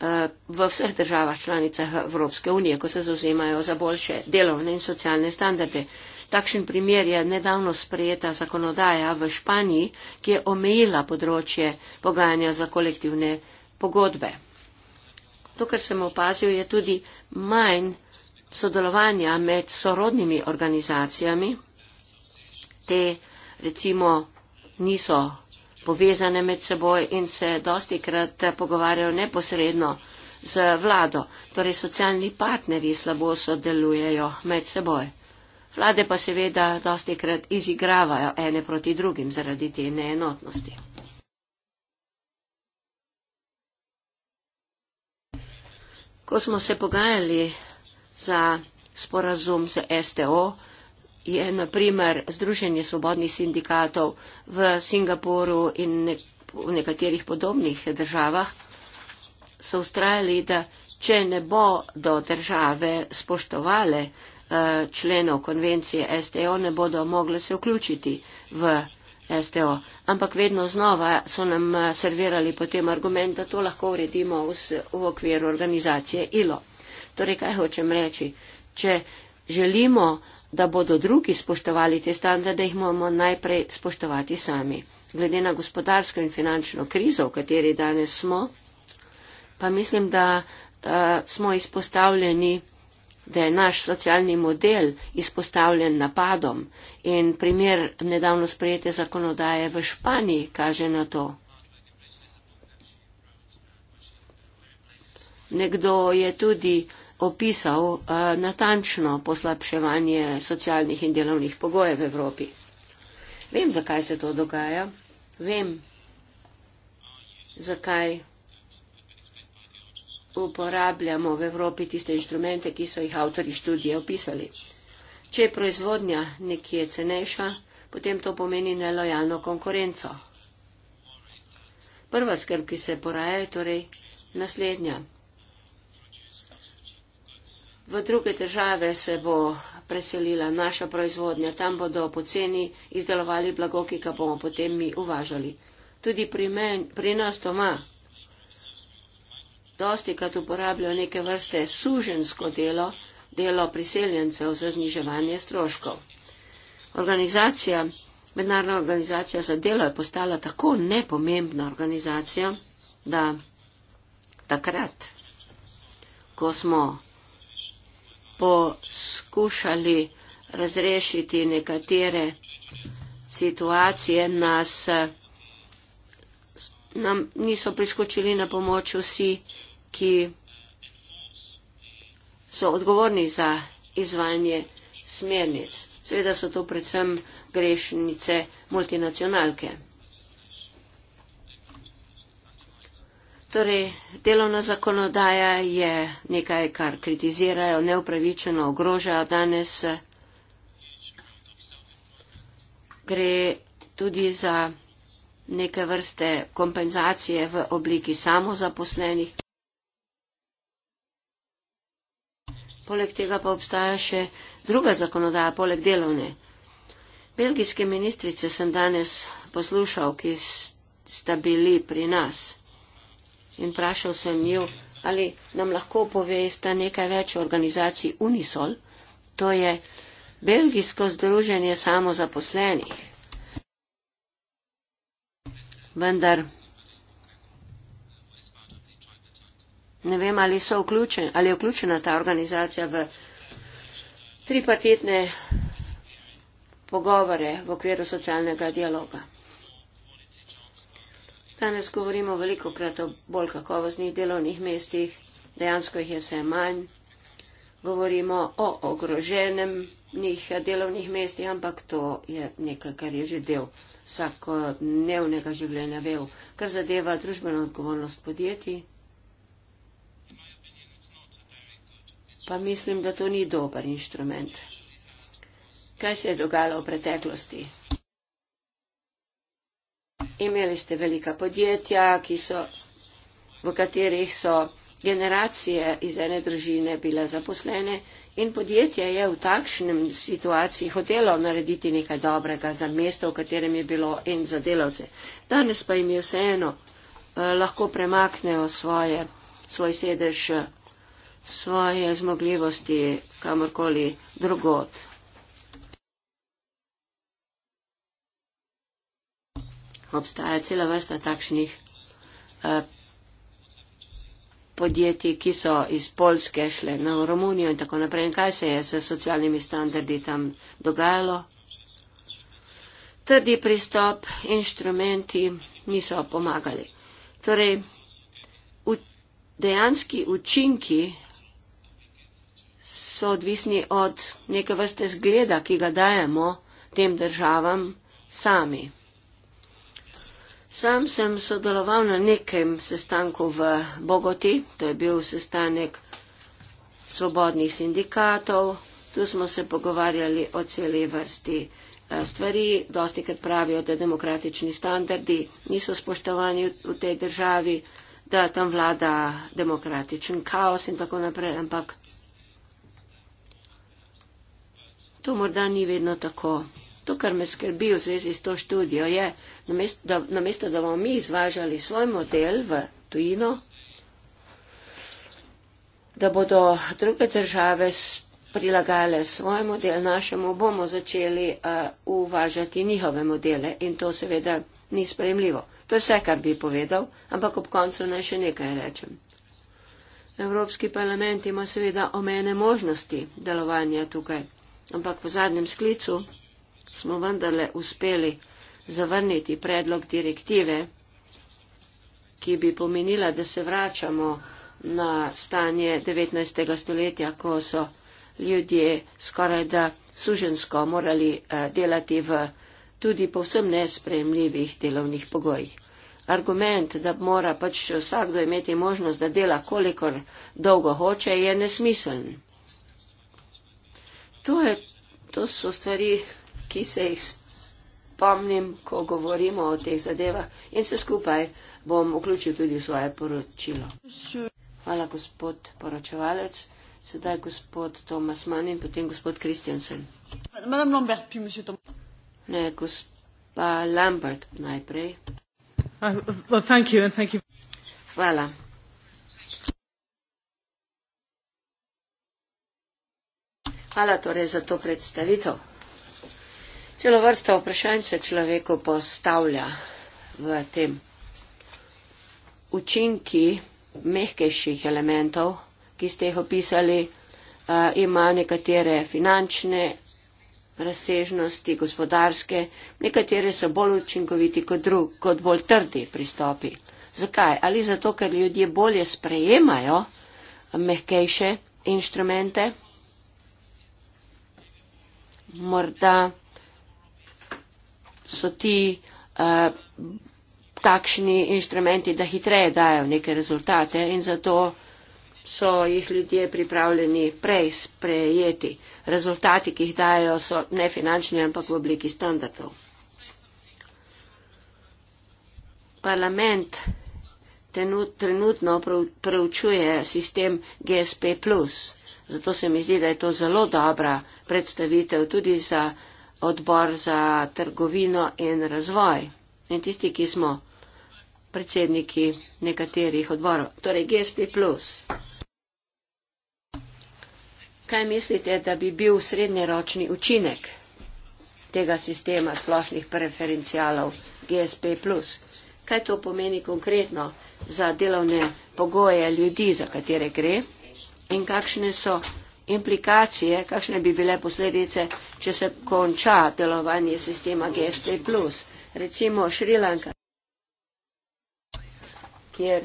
[SPEAKER 5] Eh, v vseh državah članicah Evropske unije, ko se zauzemajo za boljše delovne in socialne standarde. Takšen primer je nedavno sprejeta zakonodaja v Španiji, ki je omejila področje pogajanja za kolektivne pogodbe. To, kar sem opazil, je tudi manj sodelovanja med sorodnimi organizacijami. Te recimo niso povezane med seboj in se dosti krat pogovarjajo neposredno z vlado. Torej socialni partnerji slabo sodelujejo med seboj. Vlade pa seveda dosti krat izigravajo ene proti drugim zaradi te neenotnosti. Ko smo se pogajali za sporazum z STO, je na primer Združenje svobodnih sindikatov v Singapuru in v nekaterih podobnih državah, so ustrajali, da če ne bo do države spoštovale eh, členov konvencije STO, ne bodo mogli se vključiti v STO. Ampak vedno znova so nam eh, servirali potem argument, da to lahko uredimo v, v okviru organizacije ILO. Torej, kaj hočem reči? Če želimo uh, da bodo drugi spoštovali te standarde, jih moramo najprej spoštovati sami. Glede na gospodarsko in finančno krizo, v kateri danes smo, pa mislim, da uh, smo izpostavljeni, da je naš socialni model izpostavljen napadom in primer nedavno sprejete zakonodaje v Španiji kaže na to. Nekdo je tudi opisal uh, natančno poslabševanje socialnih in delovnih pogojev v Evropi. Vem, zakaj se to dogaja. Vem, zakaj uporabljamo v Evropi tiste inštrumente, ki so jih avtori študije opisali. Če je proizvodnja nekje cenejša, potem to pomeni nelojalno konkurenco. Prva skrb, ki se poraja, je torej naslednja. V druge države se bo preselila naša proizvodnja, tam bodo poceni izdelovali blago, ki ga bomo potem mi uvažali. Tudi pri, men, pri nas doma dosti krat uporabljajo neke vrste sužensko delo, delo priseljencev za zniževanje stroškov. Organizacija, mednarodna organizacija za delo je postala tako nepomembna organizacija, da takrat, ko smo poskušali razrešiti nekatere situacije, nas, nam niso priskočili na pomoč vsi, ki so odgovorni za izvajanje smernic. Seveda so to predvsem grešnice multinacionalke. Torej, delovna zakonodaja je nekaj, kar kritizirajo, neupravičeno ogrožajo danes. Gre tudi za neke vrste kompenzacije v obliki samozaposlenih. Poleg tega pa obstaja še druga zakonodaja, poleg delovne. Belgijske ministrice sem danes poslušal, ki sta bili pri nas in vprašal sem jo, ali nam lahko povesta nekaj več o organizaciji Unisol. To je Belgijsko združenje samozaposlenih. Vendar ne vem, ali, vključen, ali je vključena ta organizacija v tripartitne pogovore v okviru socialnega dialoga. Danes govorimo veliko krat o bolj kakovostnih delovnih mestih, dejansko jih je vse manj. Govorimo o ogroženem delovnih mestih, ampak to je nekaj, kar je že del vsakodnevnega življenja vev, kar zadeva družbeno odgovornost podjetij. Pa mislim, da to ni dober inštrument. Kaj se je dogajalo v preteklosti? imeli ste velika podjetja, so, v katerih so generacije iz ene družine bile zaposlene in podjetje je v takšnem situaciji hotelo narediti nekaj dobrega za mesto, v katerem je bilo in za delavce. Danes pa jim je vseeno, eh, lahko premaknejo svoje, svoj sedež, eh, svoje zmogljivosti kamorkoli drugot. obstaja cela vrsta takšnih eh, podjetij, ki so iz Polske šle na Romunijo in tako naprej. In kaj se je s socialnimi standardi tam dogajalo? Trdi pristop, inštrumenti niso pomagali. Torej, v dejanski učinki so odvisni od neke vrste zgleda, ki ga dajemo tem državam sami. Sam sem sodeloval na nekem sestanku v Bogoti, to je bil sestanek svobodnih sindikatov. Tu smo se pogovarjali o celi vrsti eh, stvari. Dosti krat pravijo, da demokratični standardi niso spoštovani v tej državi, da tam vlada demokratičen kaos in tako naprej, ampak to morda ni vedno tako. To, kar me skrbi v zvezi s to študijo, je, namesto da, da bomo mi izvažali svoj model v tujino, da bodo druge države prilagajale svoj model našemu, bomo začeli uh, uvažati njihove modele in to seveda ni spremljivo. To je vse, kar bi povedal, ampak ob koncu naj še nekaj rečem. Evropski parlament ima seveda omene možnosti delovanja tukaj, ampak v zadnjem sklicu smo vendarle uspeli zavrniti predlog direktive, ki bi pomenila, da se vračamo na stanje 19. stoletja, ko so ljudje skoraj da sužensko morali eh, delati v tudi povsem nespremljivih delovnih pogojih. Argument, da mora pač vsakdo imeti možnost, da dela kolikor dolgo hoče, je nesmiseln. To, je, to so stvari, ki se jih spomnim, ko govorimo o teh zadevah in se skupaj bom vključil tudi v svoje poročilo. Hvala, gospod poročevalec. Sedaj gospod Tomas Mann in potem gospod Kristjansen. Ne, gospa Lambert najprej. Ah, Hvala. Hvala torej za to predstavitev. Celo vrsta vprašanj se človeku postavlja v tem. Učinki mehkejših elementov, ki ste jih opisali, eh, ima nekatere finančne razsežnosti, gospodarske, nekatere so bolj učinkoviti kot drug, kot bolj trdi pristopi. Zakaj? Ali zato, ker ljudje bolje sprejemajo mehkejše inštrumente? Morda so ti uh, takšni inštrumenti, da hitreje dajo neke rezultate in zato so jih ljudje pripravljeni prej sprejeti. Rezultati, ki jih dajo, so ne finančni, ampak v obliki standardov. Parlament trenutno preučuje sistem GSP, zato se mi zdi, da je to zelo dobra predstavitev tudi za odbor za trgovino in razvoj in tisti, ki smo predsedniki nekaterih odborov, torej GSP. Kaj mislite, da bi bil srednjeročni učinek tega sistema splošnih preferencialov GSP? Kaj to pomeni konkretno za delovne pogoje ljudi, za katere gre in kakšne so implikacije, kakšne bi bile posledice, če se konča delovanje sistema GSP. Recimo Šrilanka, kjer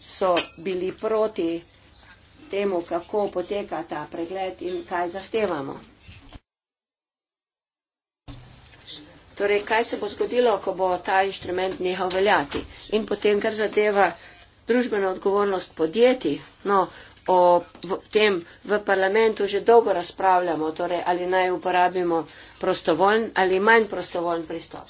[SPEAKER 5] so bili proti temu, kako poteka ta pregled in kaj zahtevamo. Torej, kaj se bo zgodilo, ko bo ta inštrument nehal veljati? In potem, kar zadeva družbeno odgovornost podjetij, no, o v tem v parlamentu že dolgo razpravljamo, torej ali naj uporabimo prostovoljn ali manj prostovoljn pristop.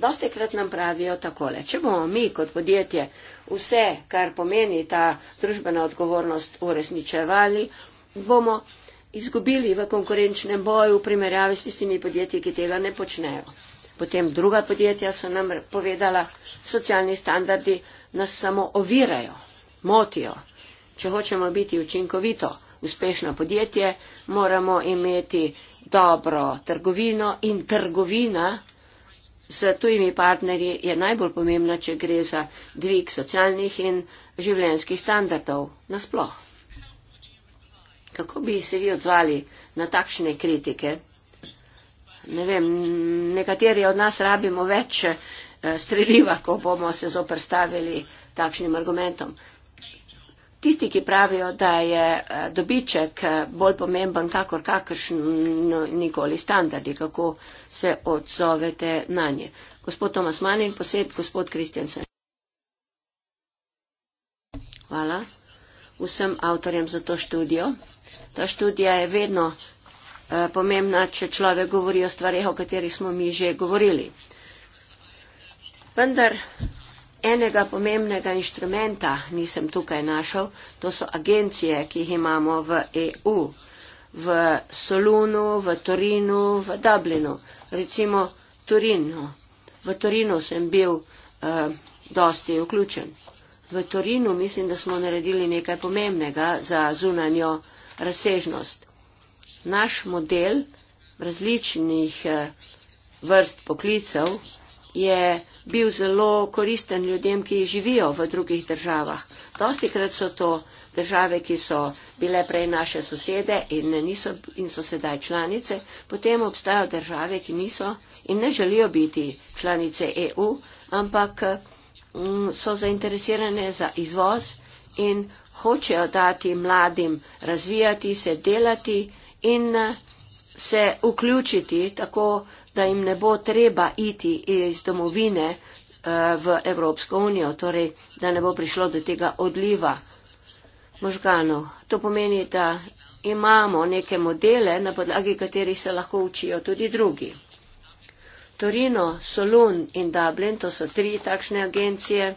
[SPEAKER 5] Dosti krat nam pravijo takole, če bomo mi kot podjetje vse, kar pomeni ta družbena odgovornost, uresničevali, bomo izgubili v konkurenčnem boju v primerjavi s tistimi podjetji, ki tega ne počnejo. Potem druga podjetja so nam povedala, socialni standardi nas samo ovirajo, motijo, Če hočemo biti učinkovito, uspešno podjetje, moramo imeti dobro trgovino in trgovina s tujimi partnerji je najbolj pomembna, če gre za dvig socialnih in življenjskih standardov nasploh. Kako bi se vi odzvali na takšne kritike? Ne vem, nekateri od nas rabimo več eh, streliva, ko bomo se zoprstavili takšnim argumentom. Tisti, ki pravijo, da je eh, dobiček eh, bolj pomemben, kakor kakršen nikoli standardi, kako se odzovete na nje. Gospod Tomas Manin, posed, gospod Kristjansen. Hvala vsem avtorjem za to študijo. Ta študija je vedno eh, pomembna, če človek govori o stvarih, o katerih smo mi že govorili. Vendar enega pomembnega inštrumenta nisem tukaj našel, to so agencije, ki jih imamo v EU, v Solunu, v Torinu, v Dublinu, recimo Torino. V Torinu sem bil uh, dosti vključen. V Torinu mislim, da smo naredili nekaj pomembnega za zunanjo razsežnost. Naš model različnih uh, vrst poklicev je bil zelo koristen ljudem, ki živijo v drugih državah. Dosti krat so to države, ki so bile prej naše sosede in, niso, in so sedaj članice, potem obstajajo države, ki niso in ne želijo biti članice EU, ampak m, mm, so zainteresirane za izvoz in hočejo dati mladim razvijati se, delati in se vključiti tako da jim ne bo treba iti iz domovine eh, v Evropsko unijo, torej da ne bo prišlo do tega odliva možganov. To pomeni, da imamo neke modele, na podlagi katerih se lahko učijo tudi drugi. Torino, Solun in Dublin, to so tri takšne agencije.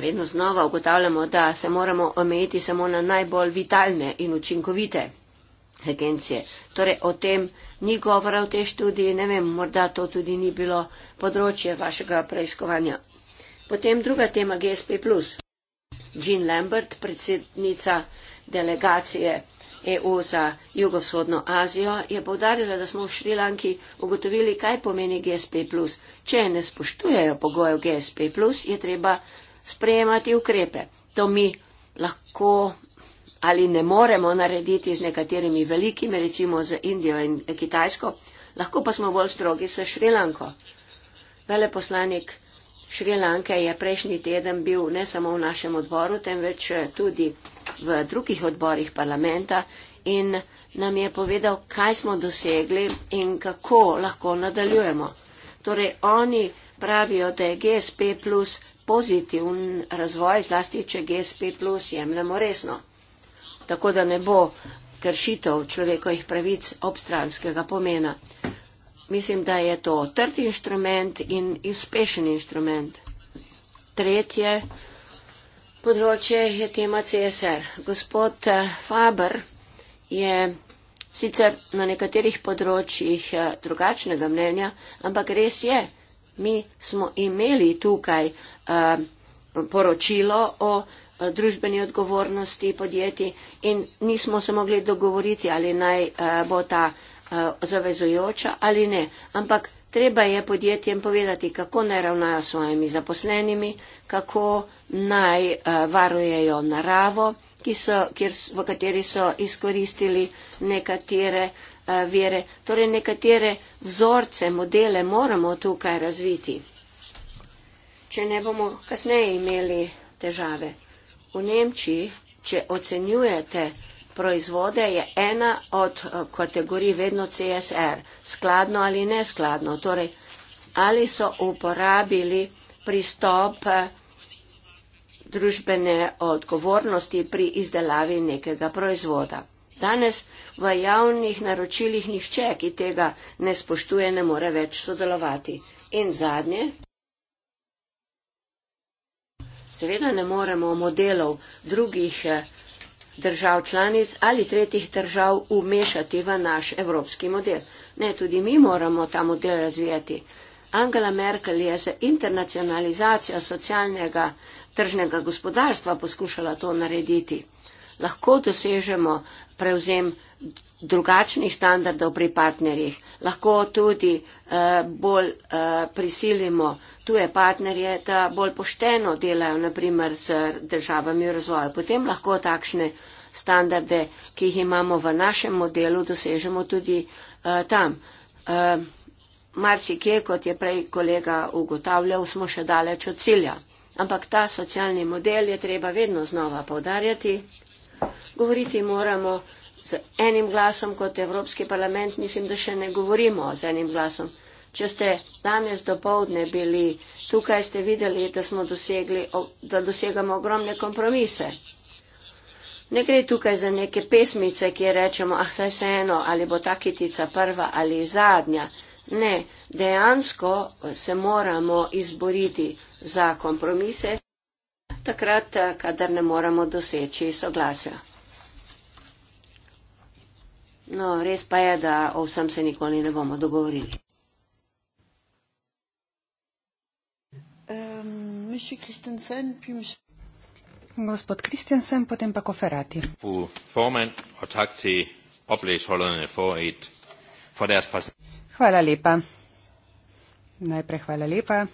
[SPEAKER 5] vedno znova ugotavljamo, da se moramo omejiti samo na najbolj vitalne in učinkovite agencije. Torej o tem ni govora v tej študiji, ne vem, morda to tudi ni bilo področje vašega preiskovanja. Potem druga tema GSP. Jean Lambert, predsednica delegacije EU za jugovzhodno Azijo, je povdarila, da smo v Šrilanki ugotovili, kaj pomeni GSP. Če ne spoštujejo pogojev GSP, je treba sprejemati ukrepe. To mi lahko ali ne moremo narediti z nekaterimi velikimi, recimo z Indijo in Kitajsko, lahko pa smo bolj strogi s Šrilanko. Veleposlanik Šrilanke je prejšnji teden bil ne samo v našem odboru, temveč tudi v drugih odborih parlamenta in nam je povedal, kaj smo dosegli in kako lahko nadaljujemo. Torej, oni pravijo, da je GSP plus pozitiven razvoj, zlasti če GSP plus jemljemo resno. Tako da ne bo kršitev človekovih pravic obstranskega pomena. Mislim, da je to trd inštrument in uspešen inštrument. Tretje področje je tema CSR. Gospod eh, Faber je sicer na nekaterih področjih eh, drugačnega mnenja, ampak res je, Mi smo imeli tukaj uh, poročilo o uh, družbeni odgovornosti podjetij in nismo se mogli dogovoriti, ali naj uh, bo ta uh, zavezujoča ali ne. Ampak treba je podjetjem povedati, kako naj ravnajo s svojimi zaposlenimi, kako naj uh, varujejo naravo, so, kjer, v kateri so izkoristili nekatere. Uh, Eh, vere. Torej nekatere vzorce, modele moramo tukaj razviti, če ne bomo kasneje imeli težave. V Nemčiji, če ocenjujete proizvode, je ena od eh, kategorij vedno CSR, skladno ali neskladno. Torej, ali so uporabili pristop eh, družbene odgovornosti pri izdelavi nekega proizvoda. Danes v javnih naročilih nihče, ki tega ne spoštuje, ne more več sodelovati. In zadnje. Seveda ne moremo modelov drugih eh, držav članic ali tretjih držav umešati v naš evropski model. Ne, tudi mi moramo ta model razvijati. Angela Merkel je z internacionalizacijo socialnega tržnega gospodarstva poskušala to narediti. Lahko dosežemo prevzem drugačnih standardov pri partnerjih. Lahko tudi eh, bolj eh, prisilimo tuje partnerje, da bolj pošteno delajo, naprimer, z državami v razvoju. Potem lahko takšne standarde, ki jih imamo v našem modelu, dosežemo tudi eh, tam. Eh, Marsikje, kot je prej kolega ugotavljal, smo še daleč od cilja. Ampak ta socialni model je treba vedno znova povdarjati. Govoriti moramo z enim glasom kot Evropski parlament, mislim, da še ne govorimo z enim glasom. Če ste danes do povdne bili tukaj, ste videli, da smo dosegli, da dosegamo ogromne kompromise. Ne gre tukaj za neke pesmice, ki rečemo, ah, saj se eno, ali bo ta kitica prva ali zadnja. Ne, dejansko se moramo izboriti za kompromise takrat, eh, kadar ne moremo doseči soglasja. No, res pa je, da o vsem se nikoli ne bomo dogovorili.
[SPEAKER 1] Um,
[SPEAKER 7] Gospod Kristjansen, potem pa koferati. Hvala lepa. Najprej hvala lepa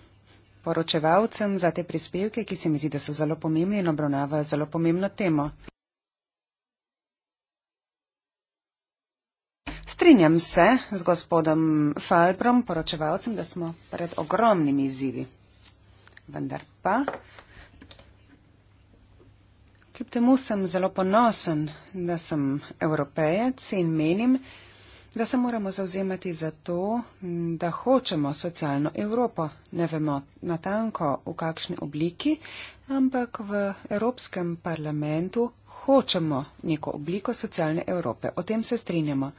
[SPEAKER 7] poročevalcem za te prispevke, ki se mi zdi, da so zelo pomembni in obravnavajo zelo pomembno temo. Strinjam se z gospodom Falbrom, poročevalcem, da smo pred ogromnimi izzivi. Vendar pa, kljub temu sem zelo ponosen, da sem evropejec in menim, da se moramo zauzemati za to, da hočemo socialno Evropo. Ne vemo natanko v kakšni obliki, ampak v Evropskem parlamentu hočemo neko obliko socialne Evrope. O tem se strinjamo.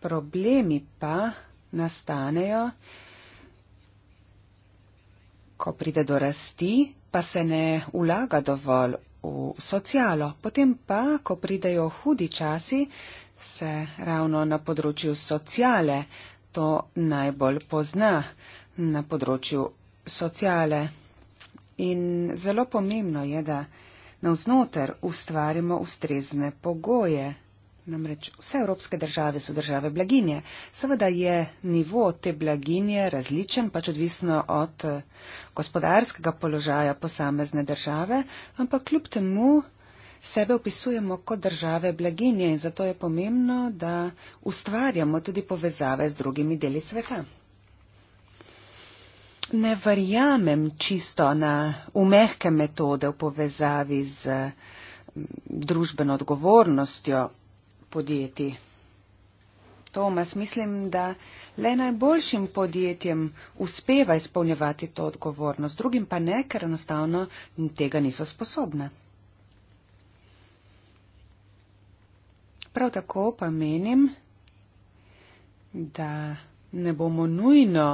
[SPEAKER 7] Problemi pa nastanejo, ko pride do rasti, pa se ne vlaga dovolj v socialo. Potem pa, ko pridejo hudi časi, se ravno na področju sociale to najbolj pozna na področju sociale. In zelo pomembno je, da navznoter ustvarimo ustrezne pogoje. Namreč vse evropske države so države blaginje. Seveda je nivo te blaginje različen, pač odvisno od eh, gospodarskega položaja posamezne države, ampak kljub temu sebe opisujemo kot države blaginje in zato je pomembno, da ustvarjamo tudi povezave z drugimi deli sveta. Ne verjamem čisto na umehke metode v povezavi z družbeno odgovornostjo podjetij. Tomas, mislim, da le najboljšim podjetjem uspeva izpolnjevati to odgovornost, drugim pa ne, ker enostavno tega niso sposobne. Prav tako pa menim, da ne bomo nujno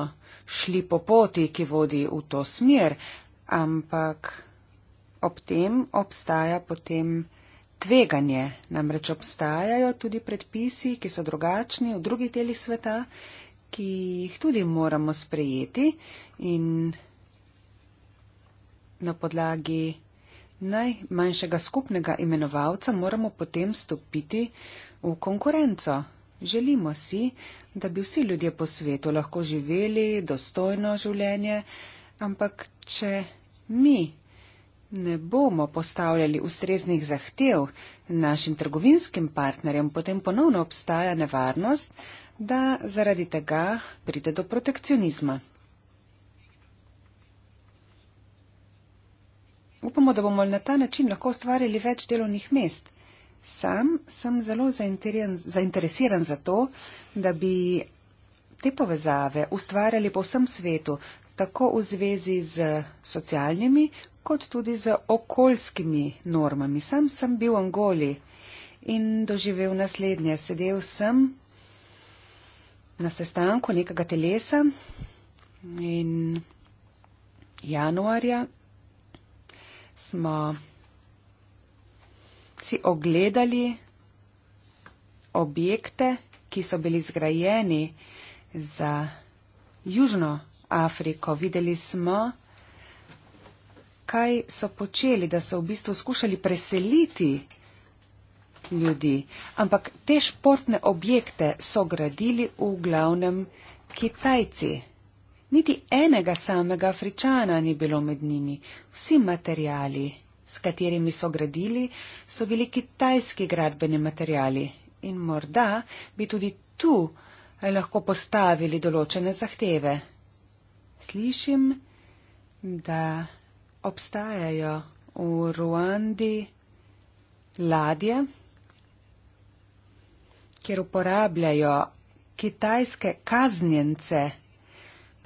[SPEAKER 7] šli po poti, ki vodi v to smer, ampak ob tem obstaja potem tveganje. Namreč obstajajo tudi predpisi, ki so drugačni v drugih delih sveta, ki jih tudi moramo sprejeti in na podlagi najmanjšega skupnega imenovalca moramo potem stopiti v konkurenco. Želimo si, da bi vsi ljudje po svetu lahko živeli dostojno življenje, ampak če mi ne bomo postavljali ustreznih zahtev našim trgovinskim partnerjem, potem ponovno obstaja nevarnost, da zaradi tega pride do protekcionizma. Upamo, da bomo na ta način lahko ustvarili več delovnih mest. Sam sem zelo zainteresiran za to, da bi te povezave ustvarjali po vsem svetu, tako v zvezi z socialnimi, kot tudi z okoljskimi normami. Sam sem bil v Angoli in doživel naslednje. Sedel sem na sestanku nekega telesa in januarja smo si ogledali objekte, ki so bili zgrajeni za Južno Afriko. Videli smo, kaj so počeli, da so v bistvu skušali preseliti ljudi. Ampak te športne objekte so gradili v glavnem Kitajci. Niti enega samega afričana ni bilo med njimi. Vsi materijali, s katerimi so gradili, so bili kitajski gradbeni materijali in morda bi tudi tu lahko postavili določene zahteve. Slišim, da obstajajo v Ruandi ladje, kjer uporabljajo kitajske kaznjence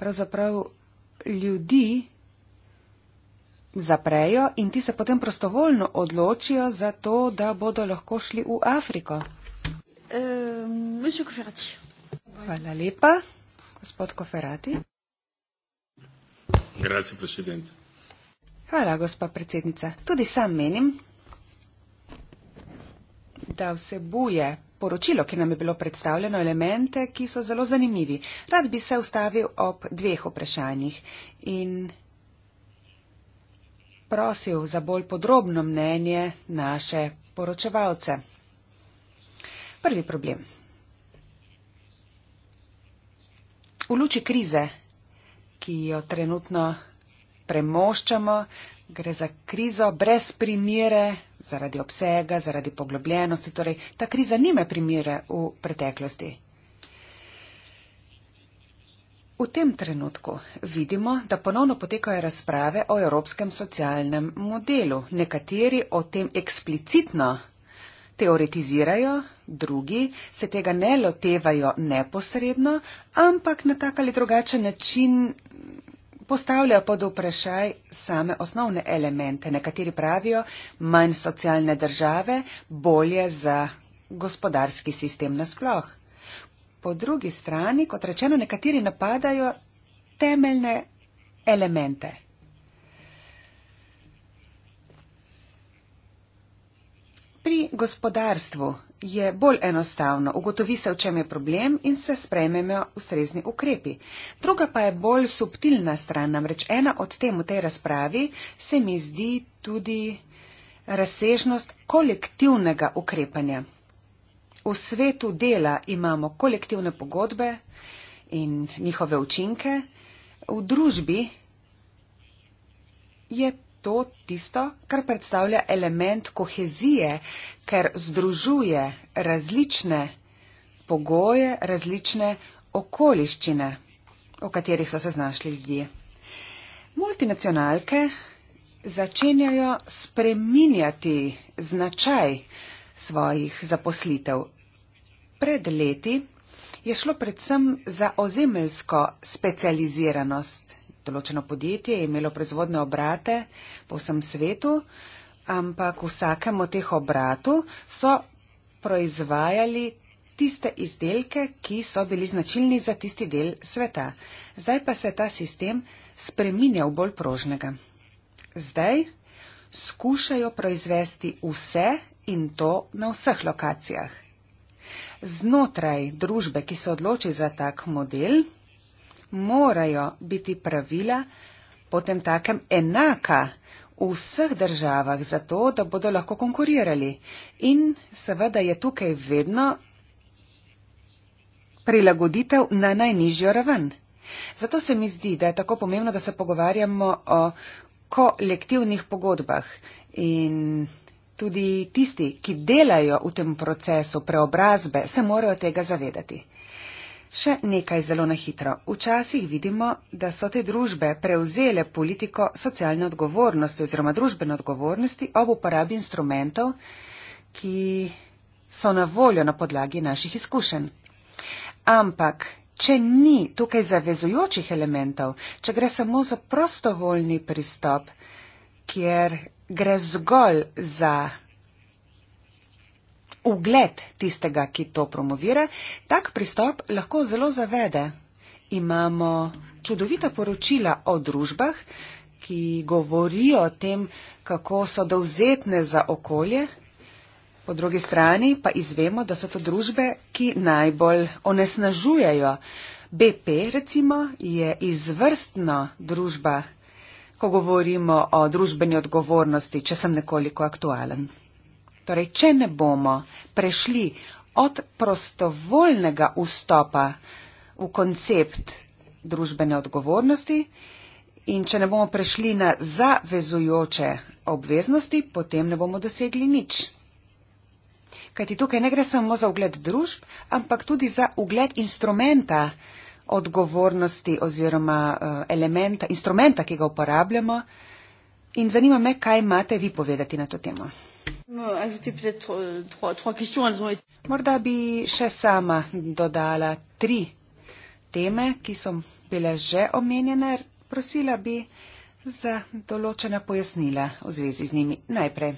[SPEAKER 7] pravzaprav ljudi zaprejo in ti se potem prostovoljno odločijo za to, da bodo lahko šli v Afriko. Uh, Hvala lepa, gospod Koferati. Grazie, president. Hvala, gospa predsednica. Tudi sam menim, da vsebuje poročilo, ki nam je bilo predstavljeno, elemente, ki so zelo zanimivi. Rad bi se ustavil ob dveh vprašanjih in prosil za bolj podrobno mnenje naše poročevalce. Prvi problem. V luči krize, ki jo trenutno premoščamo, gre za krizo brez primere zaradi obsega, zaradi poglobljenosti. Torej, ta kriza nima primere v preteklosti. V tem trenutku vidimo, da ponovno potekajo razprave o evropskem socialnem modelu. Nekateri o tem eksplicitno teoretizirajo, drugi se tega ne lotevajo neposredno, ampak na tak ali drugačen način postavlja pod vprašaj same osnovne elemente. Nekateri pravijo, manj socialne države, bolje za gospodarski sistem nasploh. Po drugi strani, kot rečeno, nekateri napadajo temeljne elemente. Pri gospodarstvu je bolj enostavno, ugotovi se, v čem je problem in se sprejmejo ustrezni ukrepi. Druga pa je bolj subtilna stran, namreč ena od tem v tej razpravi se mi zdi tudi razsežnost kolektivnega ukrepanja. V svetu dela imamo kolektivne pogodbe in njihove učinke, v družbi je to tisto, kar predstavlja element kohezije, ker združuje različne pogoje, različne okoliščine, v katerih so se znašli ljudje. Multinacionalke začenjajo spreminjati značaj svojih zaposlitev. Pred leti je šlo predvsem za ozemeljsko specializiranost določeno podjetje, imelo proizvodne obrate po vsem svetu, ampak v vsakem od teh obratov so proizvajali tiste izdelke, ki so bili značilni za tisti del sveta. Zdaj pa se ta sistem spreminja v bolj prožnega. Zdaj skušajo proizvesti vse in to na vseh lokacijah. Znotraj družbe, ki se odloči za tak model, morajo biti pravila potem takem enaka v vseh državah, zato da bodo lahko konkurirali. In seveda je tukaj vedno prilagoditev na najnižjo raven. Zato se mi zdi, da je tako pomembno, da se pogovarjamo o kolektivnih pogodbah in tudi tisti, ki delajo v tem procesu preobrazbe, se morajo tega zavedati. Še nekaj zelo na hitro. Včasih vidimo, da so te družbe prevzele politiko socialne odgovornosti oziroma družbene odgovornosti ob uporabi instrumentov, ki so na voljo na podlagi naših izkušenj. Ampak, če ni tukaj zavezujočih elementov, če gre samo za prostovoljni pristop, kjer gre zgolj za ugled tistega, ki to promovira, tak pristop lahko zelo zavede. Imamo čudovita poročila o družbah, ki govorijo o tem, kako so dovzetne za okolje, po drugi strani pa izvemo, da so to družbe, ki najbolj onesnažujejo. BP recimo je izvrstna družba, ko govorimo o družbeni odgovornosti, če sem nekoliko aktualen. Torej, če ne bomo prešli od prostovoljnega vstopa v koncept družbene odgovornosti in če ne bomo prešli na zavezujoče obveznosti, potem ne bomo dosegli nič. Kajti tukaj ne gre samo za ugled družb, ampak tudi za ugled instrumenta odgovornosti oziroma eh, elementa, instrumenta, ki ga uporabljamo. In zanima me, kaj imate vi povedati na to temo. Euh, Morda bi še sama dodala tri teme, ki so bile že omenjene. Prosila bi za določena pojasnila v zvezi z njimi. Najprej.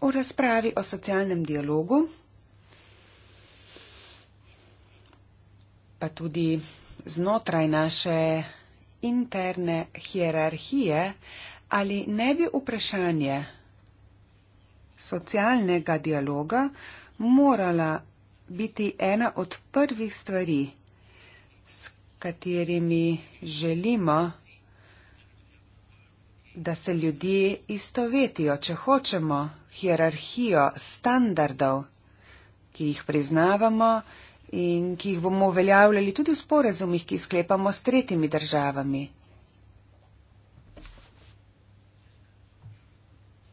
[SPEAKER 7] V razpravi o socialnem dialogu, pa tudi znotraj naše interne hierarhije, ali ne bi vprašanje socialnega dialoga morala biti ena od prvih stvari, s katerimi želimo, da se ljudje istovetijo, če hočemo hierarhijo standardov, ki jih priznavamo in ki jih bomo uveljavljali tudi v sporazumih, ki jih sklepamo s tretjimi državami.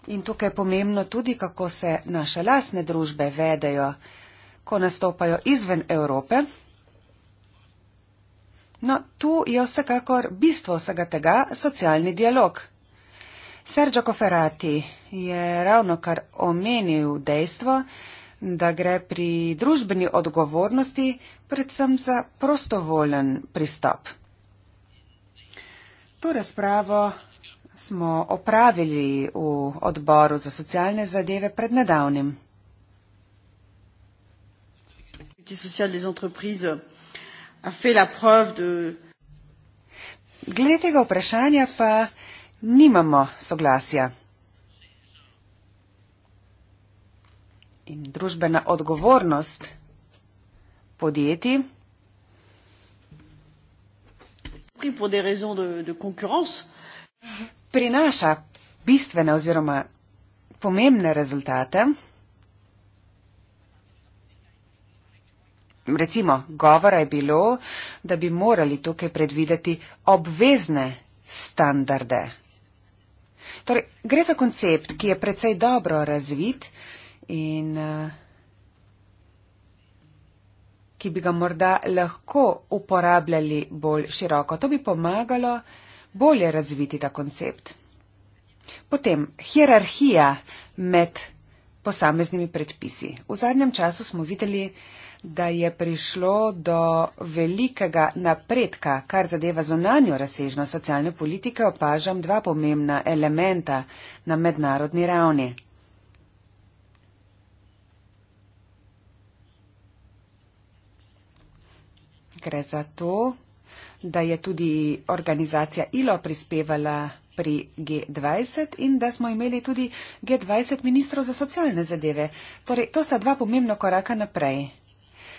[SPEAKER 7] In tukaj je pomembno tudi, kako se naše lasne družbe vedejo, ko nastopajo izven Evrope. No, tu je vsekakor bistvo vsega tega socialni dialog. Sergio Coferati je ravno kar omenil dejstvo, da gre pri družbeni odgovornosti predvsem za prostovoljen pristop. To razpravo smo opravili v odboru za socialne zadeve pred nedavnim. Glede tega vprašanja pa nimamo soglasja. In družbena odgovornost podjetij. Pri podrezu do konkurence prinaša bistvene oziroma pomembne rezultate. Recimo, govora je bilo, da bi morali tukaj predvideti obvezne standarde. Torej, gre za koncept, ki je precej dobro razvit in eh, ki bi ga morda lahko uporabljali bolj široko. To bi pomagalo uh, bolje razviti ta koncept. Potem hierarhija med posameznimi predpisi. V zadnjem času smo videli, da je prišlo do velikega napredka, kar zadeva zonanjo razsežnost socialne politike, opažam dva pomembna elementa na mednarodni ravni. Gre za to, da je tudi organizacija ILO prispevala pri G20 in da smo imeli tudi G20 ministrov za socialne zadeve. Torej, to sta dva pomembna koraka naprej.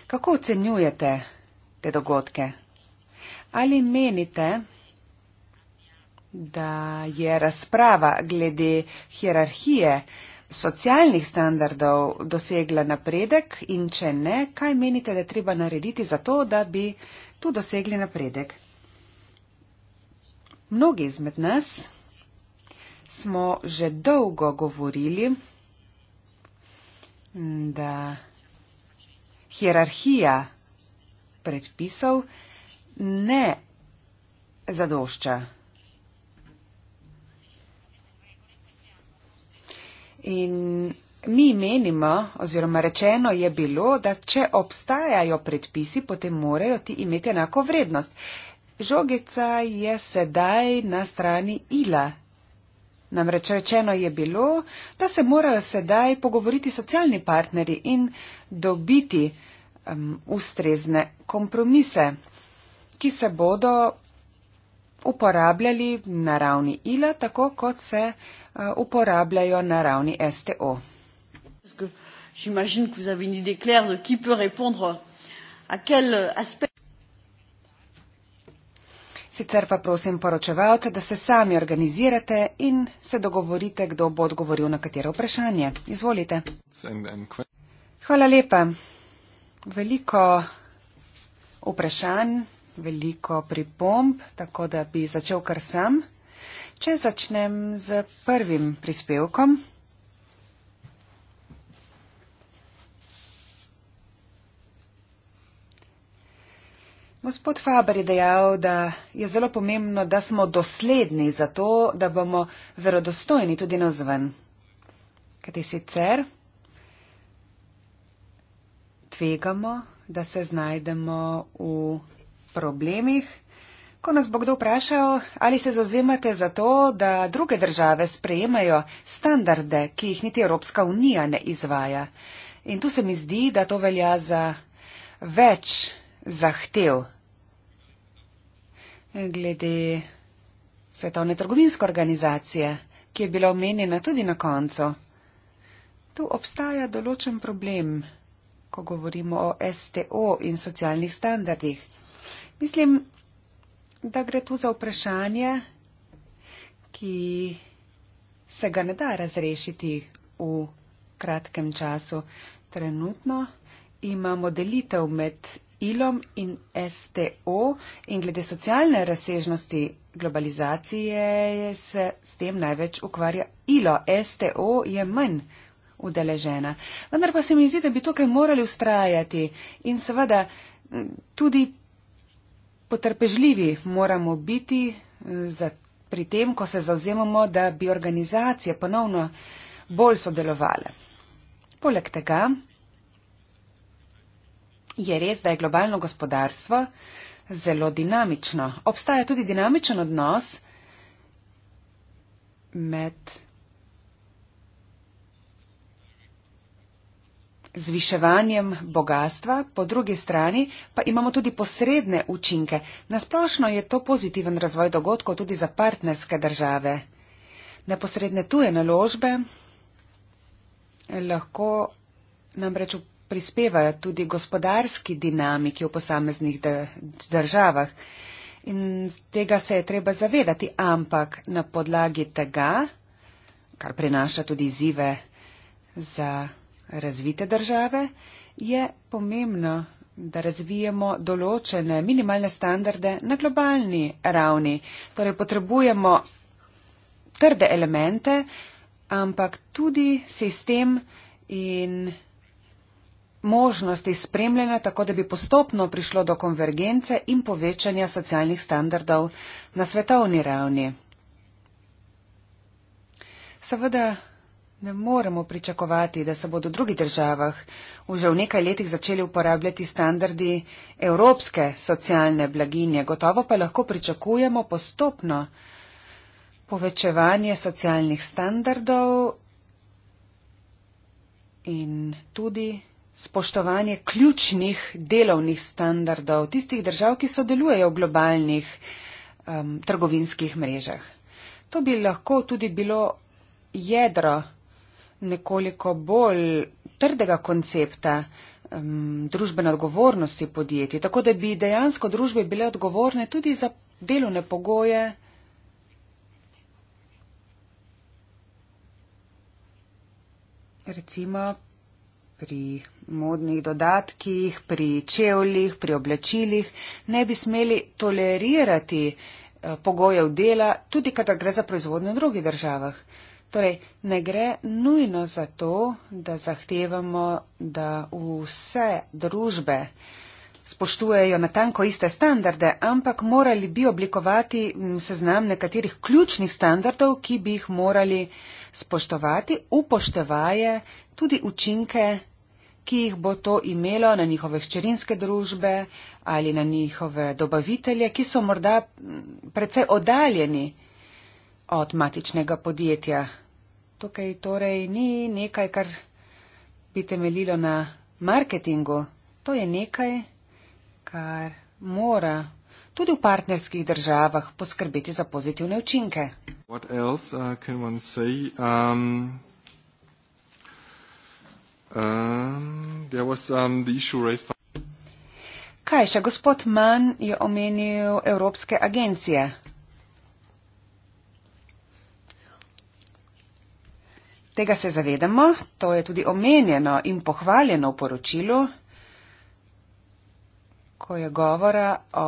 [SPEAKER 7] Kako ocenjujete te dogodke? Ali menite, da je razprava glede hierarhije socialnih standardov dosegla napredek in če ne, kaj menite, da je treba narediti za to, da bi tu dosegli napredek. Mnogi izmed nas smo že dolgo govorili, da hierarhija predpisov ne zadošča. In Mi menimo, oziroma rečeno je bilo, da če obstajajo predpisi, potem morajo ti imeti enako vrednost. Žogica je sedaj na strani ila. Namreč rečeno je bilo, da se morajo sedaj pogovoriti socialni partneri in dobiti um, ustrezne kompromise, ki se bodo uporabljali na ravni ila, tako kot se uh, uporabljajo na ravni STO parce que
[SPEAKER 1] j'imagine que vous avez une idée claire de qui peut répondre à quel aspect.
[SPEAKER 7] Sicer pa prosim poročevalce, da se sami organizirate in se dogovorite, kdo bo odgovoril na katero vprašanje. Izvolite. Hvala lepa. Veliko vprašanj, veliko pripomb, tako da bi začel kar sam. Če začnem z prvim prispevkom. Gospod Faber je dejal, da je zelo pomembno, da smo dosledni za to, da bomo verodostojni tudi na zven. Kaj ti sicer? Tvegamo, da se znajdemo v problemih, ko nas bo kdo vprašal, ali se zauzemate za to, da druge države sprejemajo standarde, ki jih niti Evropska unija ne izvaja. In tu se mi zdi, da to velja za več zahtev glede Svetovne trgovinske organizacije, ki je bila omenjena tudi na koncu. Tu obstaja določen problem, ko govorimo o STO in socialnih standardih. Mislim, da gre tu za vprašanje, ki se ga ne da razrešiti v kratkem času. Trenutno imamo delitev med ILOM in STO in glede socialne razsežnosti globalizacije se s tem največ ukvarja ILO. STO je manj udeležena. Vendar pa se mi zdi, da bi tukaj morali ustrajati in seveda tudi potrpežljivi moramo biti za, pri tem, ko se zauzemamo, da bi organizacije ponovno bolj sodelovale. Poleg tega je res, da je globalno gospodarstvo zelo dinamično. Obstaja tudi dinamičen odnos med zviševanjem bogatstva, po drugi strani pa imamo tudi posredne učinke. Nasplošno je to pozitiven razvoj dogodkov tudi za partnerske države. Neposredne tuje naložbe lahko namreč v prispevajo tudi gospodarski dinamiki v posameznih državah. In tega se je treba zavedati, ampak na podlagi tega, kar prinaša tudi izzive za razvite države, je pomembno, da razvijemo določene minimalne standarde na globalni ravni. Torej potrebujemo trde elemente, ampak tudi sistem in možnosti spremljanja, tako da bi postopno prišlo do konvergence in povečanja socialnih standardov na svetovni ravni. Seveda ne moremo pričakovati, da se bodo v drugih državah v že v nekaj letih začeli uporabljati standardi evropske socialne blaginje. Gotovo pa lahko pričakujemo postopno povečevanje socialnih standardov in tudi spoštovanje ključnih delovnih standardov tistih držav, ki sodelujejo v globalnih um, trgovinskih mrežah. To bi lahko tudi bilo jedro nekoliko bolj trdega koncepta um, družbene odgovornosti podjetij, tako da bi dejansko družbe bile odgovorne tudi za delovne pogoje. Recimo pri modnih dodatkih, pri čevljih, pri oblačilih, ne bi smeli tolerirati eh, pogojev dela, tudi kadar gre za proizvodnje v drugih državah. Torej, ne gre nujno za to, da zahtevamo, da vse družbe spoštujejo na tanko iste standarde, ampak morali bi oblikovati mm, seznam nekaterih ključnih standardov, ki bi jih morali spoštovati, upoštevaje tudi učinke ki jih bo to imelo na njihove hčerinske družbe ali na njihove dobavitelje, ki so morda mm, precej oddaljeni od matičnega podjetja. Tukaj torej ni nekaj, kar bi temeljilo na marketingu. To je nekaj, kar mora tudi v partnerskih državah poskrbeti za pozitivne učinke.
[SPEAKER 4] What
[SPEAKER 8] else uh, can one say? Um... Um, there was um, the issue raised by.
[SPEAKER 7] Kaj še gospod Mann je omenil evropske agencije? Tega se zavedamo, to je tudi omenjeno in pohvaljeno v poročilu, ko je govora o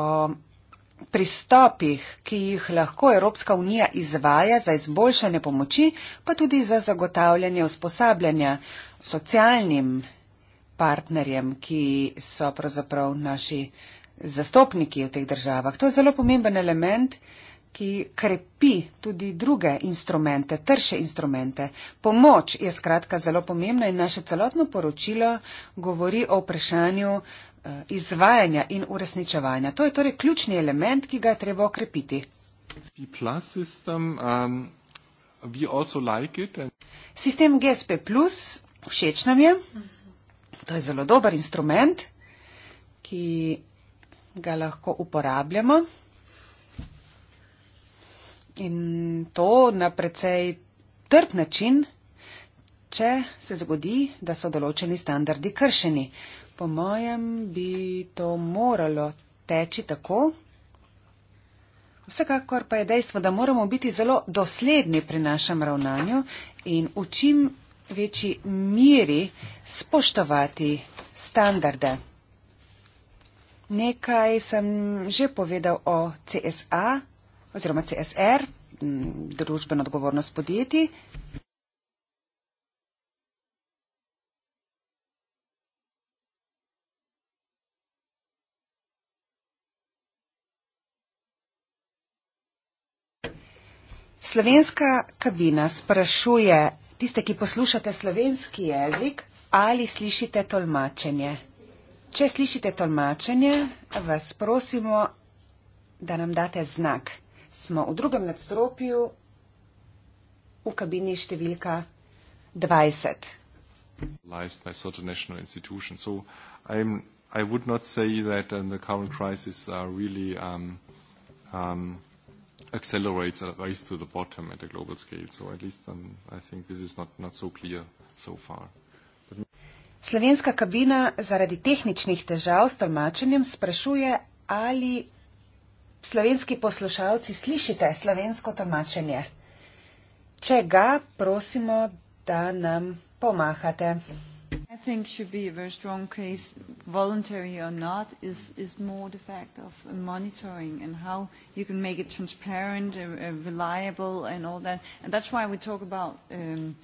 [SPEAKER 7] pristopih, ki jih lahko Evropska unija izvaja za izboljšanje pomoči, pa tudi za zagotavljanje usposabljanja socialnim partnerjem, ki so pravzaprav naši zastopniki v teh državah. To je zelo pomemben element, ki krepi tudi druge instrumente, trše instrumente. Pomoč je skratka zelo pomembna in naše celotno poročilo govori o vprašanju eh, izvajanja in uresničevanja. To je torej ključni element, ki ga je treba okrepiti. System um, GSP Plus Všeč nam je. To je zelo dober instrument, ki ga lahko uporabljamo. In to na precej trd način, če se zgodi, da so določeni standardi kršeni. Po mojem bi to moralo teči tako. Vsekakor pa je dejstvo, da moramo biti zelo dosledni pri našem ravnanju in v čim večji miri spoštovati standarde. Nekaj sem že povedal o CSA oziroma CSR, mm, družbeno odgovornost podjetij. Slovenska kabina sprašuje tiste, ki poslušate slovenski jezik ali slišite tolmačenje. Če slišite tolmačenje, vas prosimo, da nam date znak. Smo v drugem nadstropju v kabini številka 20.
[SPEAKER 8] Lies by such a national institution. So I'm, I would not say that in um, the current crisis are really um, um, accelerates a race to the bottom at a global scale. So at least um, I think this is not, not so clear so far.
[SPEAKER 7] Slovenska kabina zaradi tehničnih težav s tolmačenjem sprašuje, ali slovenski poslušalci slišite slovensko tolmačenje. Če ga, prosimo, da nam pomahate
[SPEAKER 3] think should be a very strong case, voluntary or not, is, is more the fact of monitoring and how you can make it transparent and uh, uh, reliable and all that. And that's why we talk about um,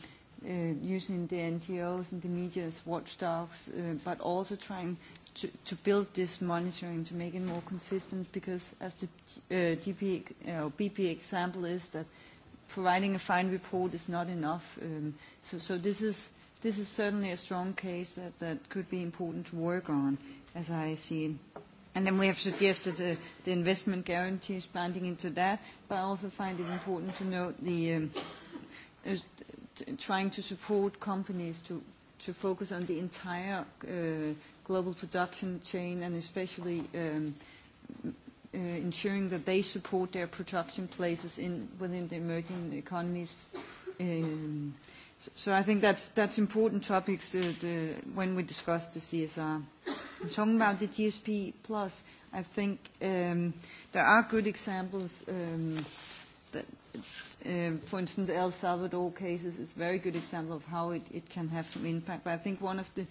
[SPEAKER 3] uh, using the NGOs and the media as watchdogs, uh, but also trying to, to build this monitoring to make it more consistent because as the uh, GP, uh, BP example is that providing a fine report is not enough. Um, so, so this is this is certainly a strong case that, that could be important to work on, as I see. And then we have suggested uh, the investment guarantees binding into that, but I also find it important to note the um, uh, trying to support companies to, to focus on the entire uh, global production chain and especially um, uh, ensuring that they support their production places in, within the emerging economies. Um, I think that's important topics uh, when we discuss the CSR. Talking about the GSP+, I think um, there are good examples. Um, um, for instance, the El Salvador case is a very good example of how it can have some impact. I think one of the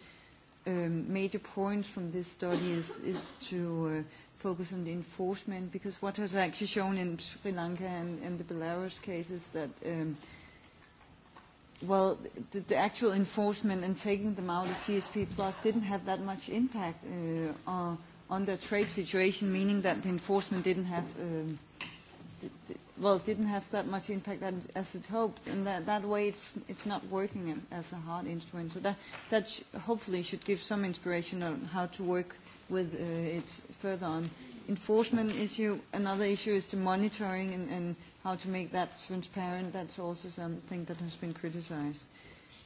[SPEAKER 3] major points from this study is to uh, focus on the enforcement, because what has actually shown in Sri Lanka and the Belarus case is well, the, the actual enforcement and taking them out of GSP Plus didn't have that much impact uh, on, on the trade situation, meaning that the enforcement didn't have, um, the, the, well, didn't have that much impact as it hoped. And that, that way it's, it's not working as a hard instrument. So that, that sh- hopefully should give some inspiration on how to work with uh, it further on. Enforcement issue, another issue is the monitoring and, and how to make that transparent, that's also something that has been criticized.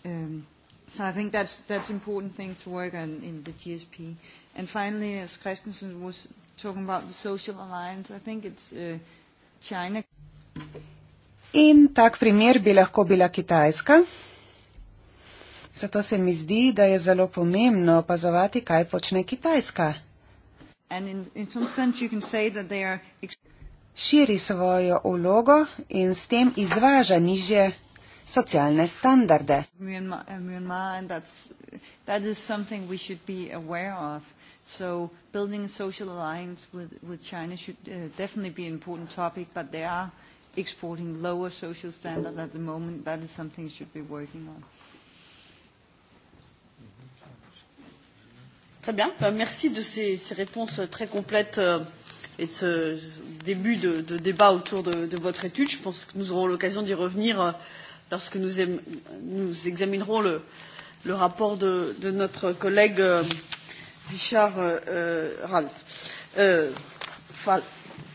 [SPEAKER 3] Um, so I think that's that's important thing to work on in the GSP. And finally, as Christensen was talking about the social alliance, I think it's uh, China.
[SPEAKER 7] In tak primer bi lahko bila Kitajska. Zato se mi zdi, da je zelo pomembno opazovati, kaj počne Kitajska. In, in širi svojo vlogo in s tem izvaža niže socialne standarde.
[SPEAKER 3] Eh, so building social alliance with, with China should uh, definitely be an important topic, but they are exporting lower social standards at the moment. That is something you should be working on.
[SPEAKER 1] Très bien. Euh, merci de ces, ces réponses euh, très complètes. Euh, et de ce début de, de débat autour de, de votre étude. Je pense que nous aurons l'occasion d'y revenir euh, lorsque nous, aim, nous examinerons le, le rapport de, de notre collègue euh, Richard euh, euh, Ralph. Euh, Fal,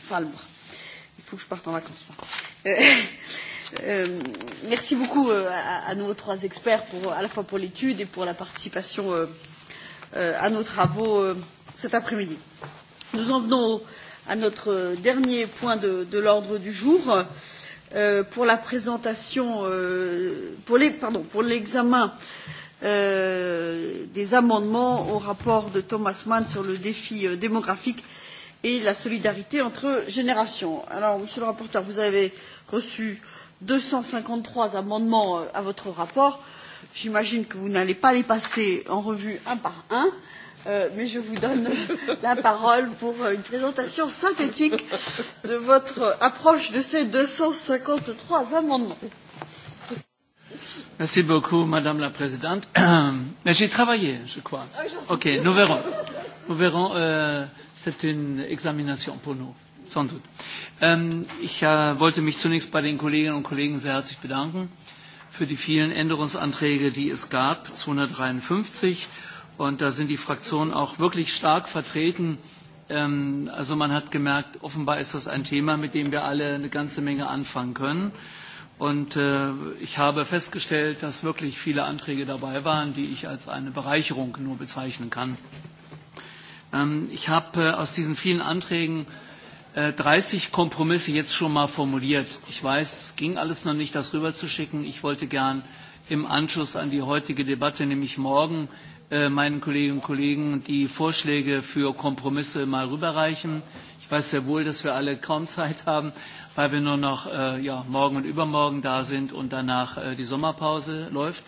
[SPEAKER 1] Falbre. Il faut que je parte en vacances. Euh, euh, merci beaucoup à, à nos trois experts pour, à la fois pour l'étude et pour la participation euh, euh, à nos travaux euh, cet après-midi. Nous en venons au, à notre dernier point de, de l'ordre du jour euh, pour la présentation euh, pour l'examen euh, des amendements au rapport de Thomas Mann sur le défi euh, démographique et la solidarité entre générations. Alors, Monsieur le rapporteur, vous avez reçu 253 amendements euh, à votre rapport. J'imagine que vous n'allez pas les passer en revue un par un. Euh, Euh, mais je vous donne la parole pour une présentation synthétique de votre approche de ces 253 amendements.
[SPEAKER 4] Merci beaucoup, Madame la Présidente. Mais j'ai travaillé, je crois. Ah, ok, nous verrons. Nous verrons. Euh, c'est une examination pour nous, sans doute. Ähm, ich äh, wollte mich zunächst bei den Kolleginnen und Kollegen sehr herzlich bedanken für die vielen Änderungsanträge, die es gab. 253 Und da sind die Fraktionen auch wirklich stark vertreten. Ähm, also man hat gemerkt, offenbar ist das ein Thema, mit dem wir alle eine ganze Menge anfangen können. Und äh, ich habe festgestellt, dass wirklich viele Anträge dabei waren, die ich als eine Bereicherung nur bezeichnen kann. Ähm, ich habe äh, aus diesen vielen Anträgen 30 äh, Kompromisse jetzt schon mal formuliert. Ich weiß, es ging alles noch nicht, das rüberzuschicken. Ich wollte gern im Anschluss an die heutige Debatte, nämlich morgen, Äh, meinen Kolleginnen und Kollegen die Vorschläge für Kompromisse mal rüberreichen. Ich weiß sehr wohl, dass wir alle kaum Zeit haben, weil wir nur noch äh, ja, morgen und übermorgen da sind und danach äh, die Sommerpause läuft.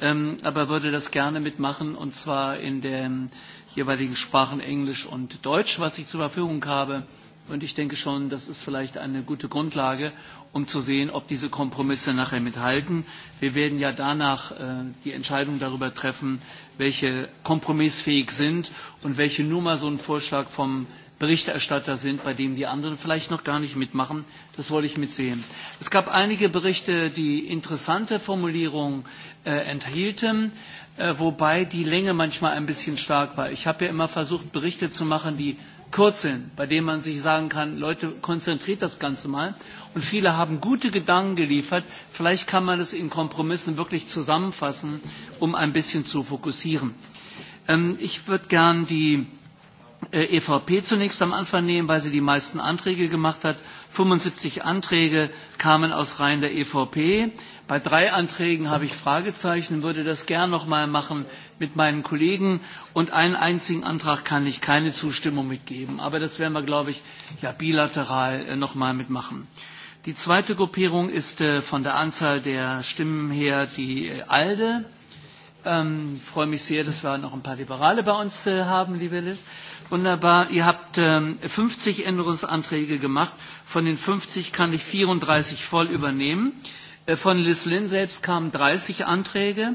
[SPEAKER 4] Ähm, aber würde das gerne mitmachen und zwar in den jeweiligen Sprachen Englisch und Deutsch, was ich zur Verfügung habe. Und ich denke schon, das ist vielleicht eine gute Grundlage, um zu sehen, ob diese Kompromisse nachher mithalten. Wir werden ja danach äh, die Entscheidung darüber treffen, welche kompromissfähig sind und welche nur mal so ein Vorschlag vom Berichterstatter sind, bei dem die anderen vielleicht noch gar nicht mitmachen. Das wollte ich mitsehen. Es gab einige Berichte, die interessante Formulierungen äh, enthielten, äh, wobei die Länge manchmal ein bisschen stark war. Ich habe ja immer versucht, Berichte zu machen, die kurzen, bei dem man sich sagen kann, Leute, konzentriert das Ganze mal. Und viele haben gute Gedanken geliefert. Vielleicht kann man es in Kompromissen wirklich zusammenfassen, um ein bisschen zu fokussieren. Ähm, ich würde gern die äh, EVP zunächst am Anfang nehmen, weil sie die meisten Anträge gemacht hat. 75 Anträge kamen aus Reihen der EVP. Bei drei Anträgen habe ich Fragezeichen, würde das gern noch mal machen mit meinen Kollegen. Und einen einzigen Antrag kann ich keine Zustimmung mitgeben. Aber das werden wir, glaube ich, ja, bilateral äh, noch mal mitmachen. Die zweite Gruppierung ist äh, von der Anzahl der Stimmen her die äh, ALDE. Ich ähm, freue mich sehr, dass wir noch ein paar Liberale bei uns äh, haben, liebe Liz. Wunderbar. Ihr habt ähm, 50 Änderungsanträge gemacht. Von den 50 kann ich 34 voll übernehmen. Äh, Äh, von Liz Lynn selbst kamen 30 Anträge.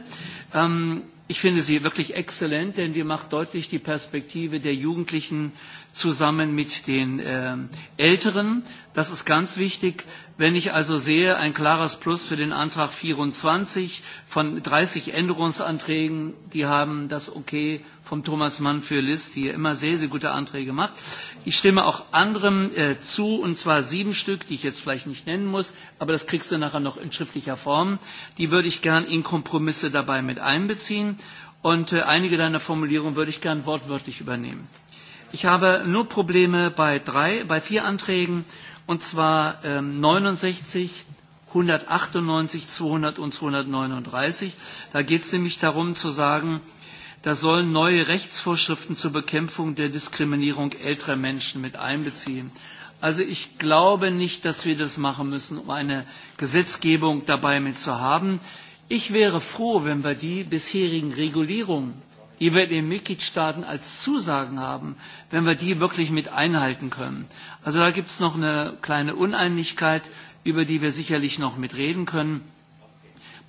[SPEAKER 4] Ähm, ich finde sie wirklich exzellent, denn sie macht deutlich die Perspektive der Jugendlichen zusammen mit den äh, Älteren. Das ist ganz wichtig. Wenn ich also sehe, ein klares Plus für den Antrag 24 von 30 Änderungsanträgen, die haben das Okay vom Thomas Mann für Liz, die ja immer sehr, sehr gute Anträge macht. Ich stimme auch anderem äh, zu, und zwar sieben Stück, die ich jetzt vielleicht nicht nennen muss, aber das kriegst du nachher noch in schriftlicher Form. Die würde ich gern in Kompromisse dabei mit einbeziehen. Und äh, einige deiner Formulierungen würde ich gern wortwörtlich übernehmen. Ich habe nur Probleme bei drei, bei vier Anträgen, und zwar ähm, 69, 198, 200 und 239. Da geht es nämlich darum zu sagen, Da sollen neue Rechtsvorschriften zur Bekämpfung der Diskriminierung älterer Menschen mit einbeziehen. Also ich glaube nicht, dass wir das machen müssen, um eine Gesetzgebung dabei mit zu haben. Ich wäre froh, wenn wir die bisherigen Regulierungen, die wir in den Mitgliedstaaten als Zusagen haben, wenn wir die wirklich mit einhalten können. Also da gibt es noch eine kleine Uneinigkeit, über die wir sicherlich noch mit reden können.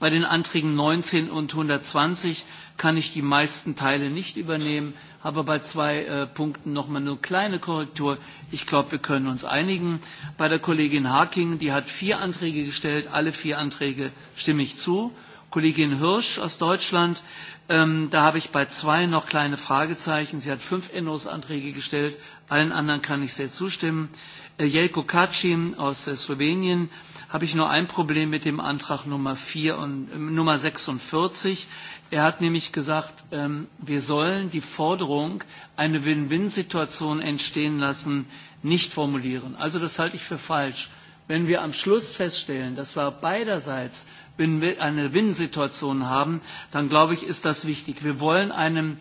[SPEAKER 4] Bei den Anträgen 19 und 120 kann ich die meisten Teile nicht übernehmen, aber bei zwei äh, Punkten noch mal nur kleine Korrektur. Ich glaube, wir können uns einigen. Bei der Kollegin Harking, die hat vier Anträge gestellt, alle vier Anträge stimme ich zu. Kollegin Hirsch aus Deutschland, ähm, da habe ich bei zwei noch kleine Fragezeichen. Sie hat fünf Änderungsanträge gestellt, allen anderen kann ich sehr zustimmen. Äh, Jelko Kacin aus äh, Slowenien, äh, habe ich nur ein Problem mit dem Antrag Nummer, 4 und, äh, Nummer 46. Er hat nämlich gesagt, ähm, wir sollen die Forderung, eine Win-Win-Situation entstehen lassen, nicht formulieren. Also das halte ich für falsch. Wenn wir am Schluss feststellen, dass wir beiderseits eine Win-Situation haben, dann glaube ich, ist das wichtig. Wir wollen einen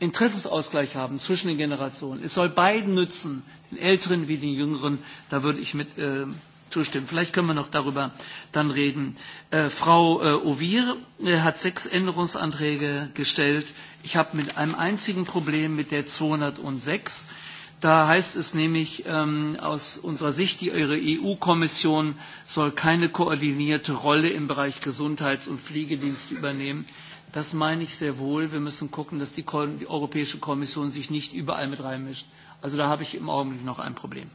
[SPEAKER 4] Interessensausgleich haben zwischen den Generationen. Es soll beiden nützen, den Älteren wie den Jüngeren. Da würde ich mit. Äh, zustimmen. Vielleicht können wir noch darüber dann reden. Äh, Frau äh, Ovir äh, hat sechs Änderungsanträge gestellt. Ich habe mit einem einzigen Problem mit der 206. Da heißt es nämlich ähm, aus unserer Sicht, die Ihre EU-Kommission soll keine koordinierte Rolle im Bereich Gesundheits- und Fliegedienst übernehmen. Das meine ich sehr wohl. Wir müssen gucken, dass die, Ko die Europäische Kommission sich nicht überall mit reinmischt. Also da habe ich im Augenblick noch ein Problem.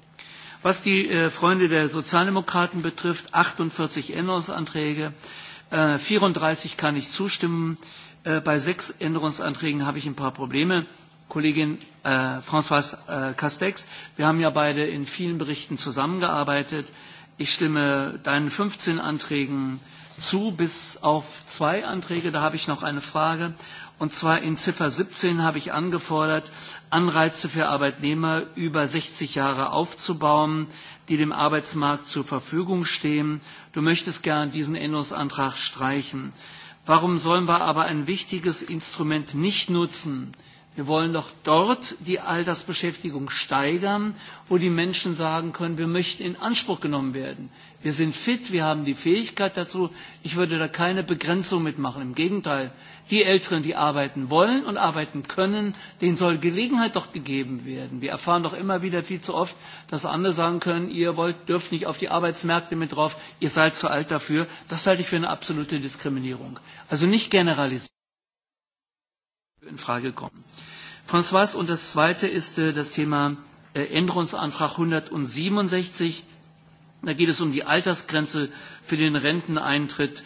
[SPEAKER 4] Was die äh, Freunde der Sozialdemokraten betrifft, 48 Änderungsanträge, äh, 34 kann ich zustimmen. Äh, bei sechs Änderungsanträgen habe ich ein paar Probleme. Kollegin äh, Françoise äh, Castex, wir haben ja beide in vielen Berichten zusammengearbeitet. Ich stimme deinen 15 Anträgen zu, bis auf zwei Anträge. Da habe ich noch eine Frage. Und zwar in Ziffer 17 habe ich angefordert, Anreize für Arbeitnehmer über 60 Jahre aufzubauen, die dem Arbeitsmarkt zur Verfügung stehen. Du möchtest gern diesen Änderungsantrag streichen. Warum sollen wir aber ein wichtiges Instrument nicht nutzen? Wir wollen doch dort die Altersbeschäftigung steigern, wo die Menschen sagen können, wir möchten in Anspruch genommen werden. Wir sind fit, wir haben die Fähigkeit dazu. Ich würde da keine Begrenzung mitmachen. Im Gegenteil, die Älteren, die arbeiten wollen und arbeiten können, denen soll Gelegenheit doch gegeben werden. Wir erfahren doch immer wieder viel zu oft, dass andere sagen können, ihr wollt, dürft nicht auf die Arbeitsmärkte mit drauf, ihr seid zu alt dafür. Das halte ich für eine absolute Diskriminierung. Also nicht generalisieren. In Frage kommen. François, und das zweite ist äh, das Thema äh, Änderungsantrag 167. Da geht es um die Altersgrenze für den Renteneintritt.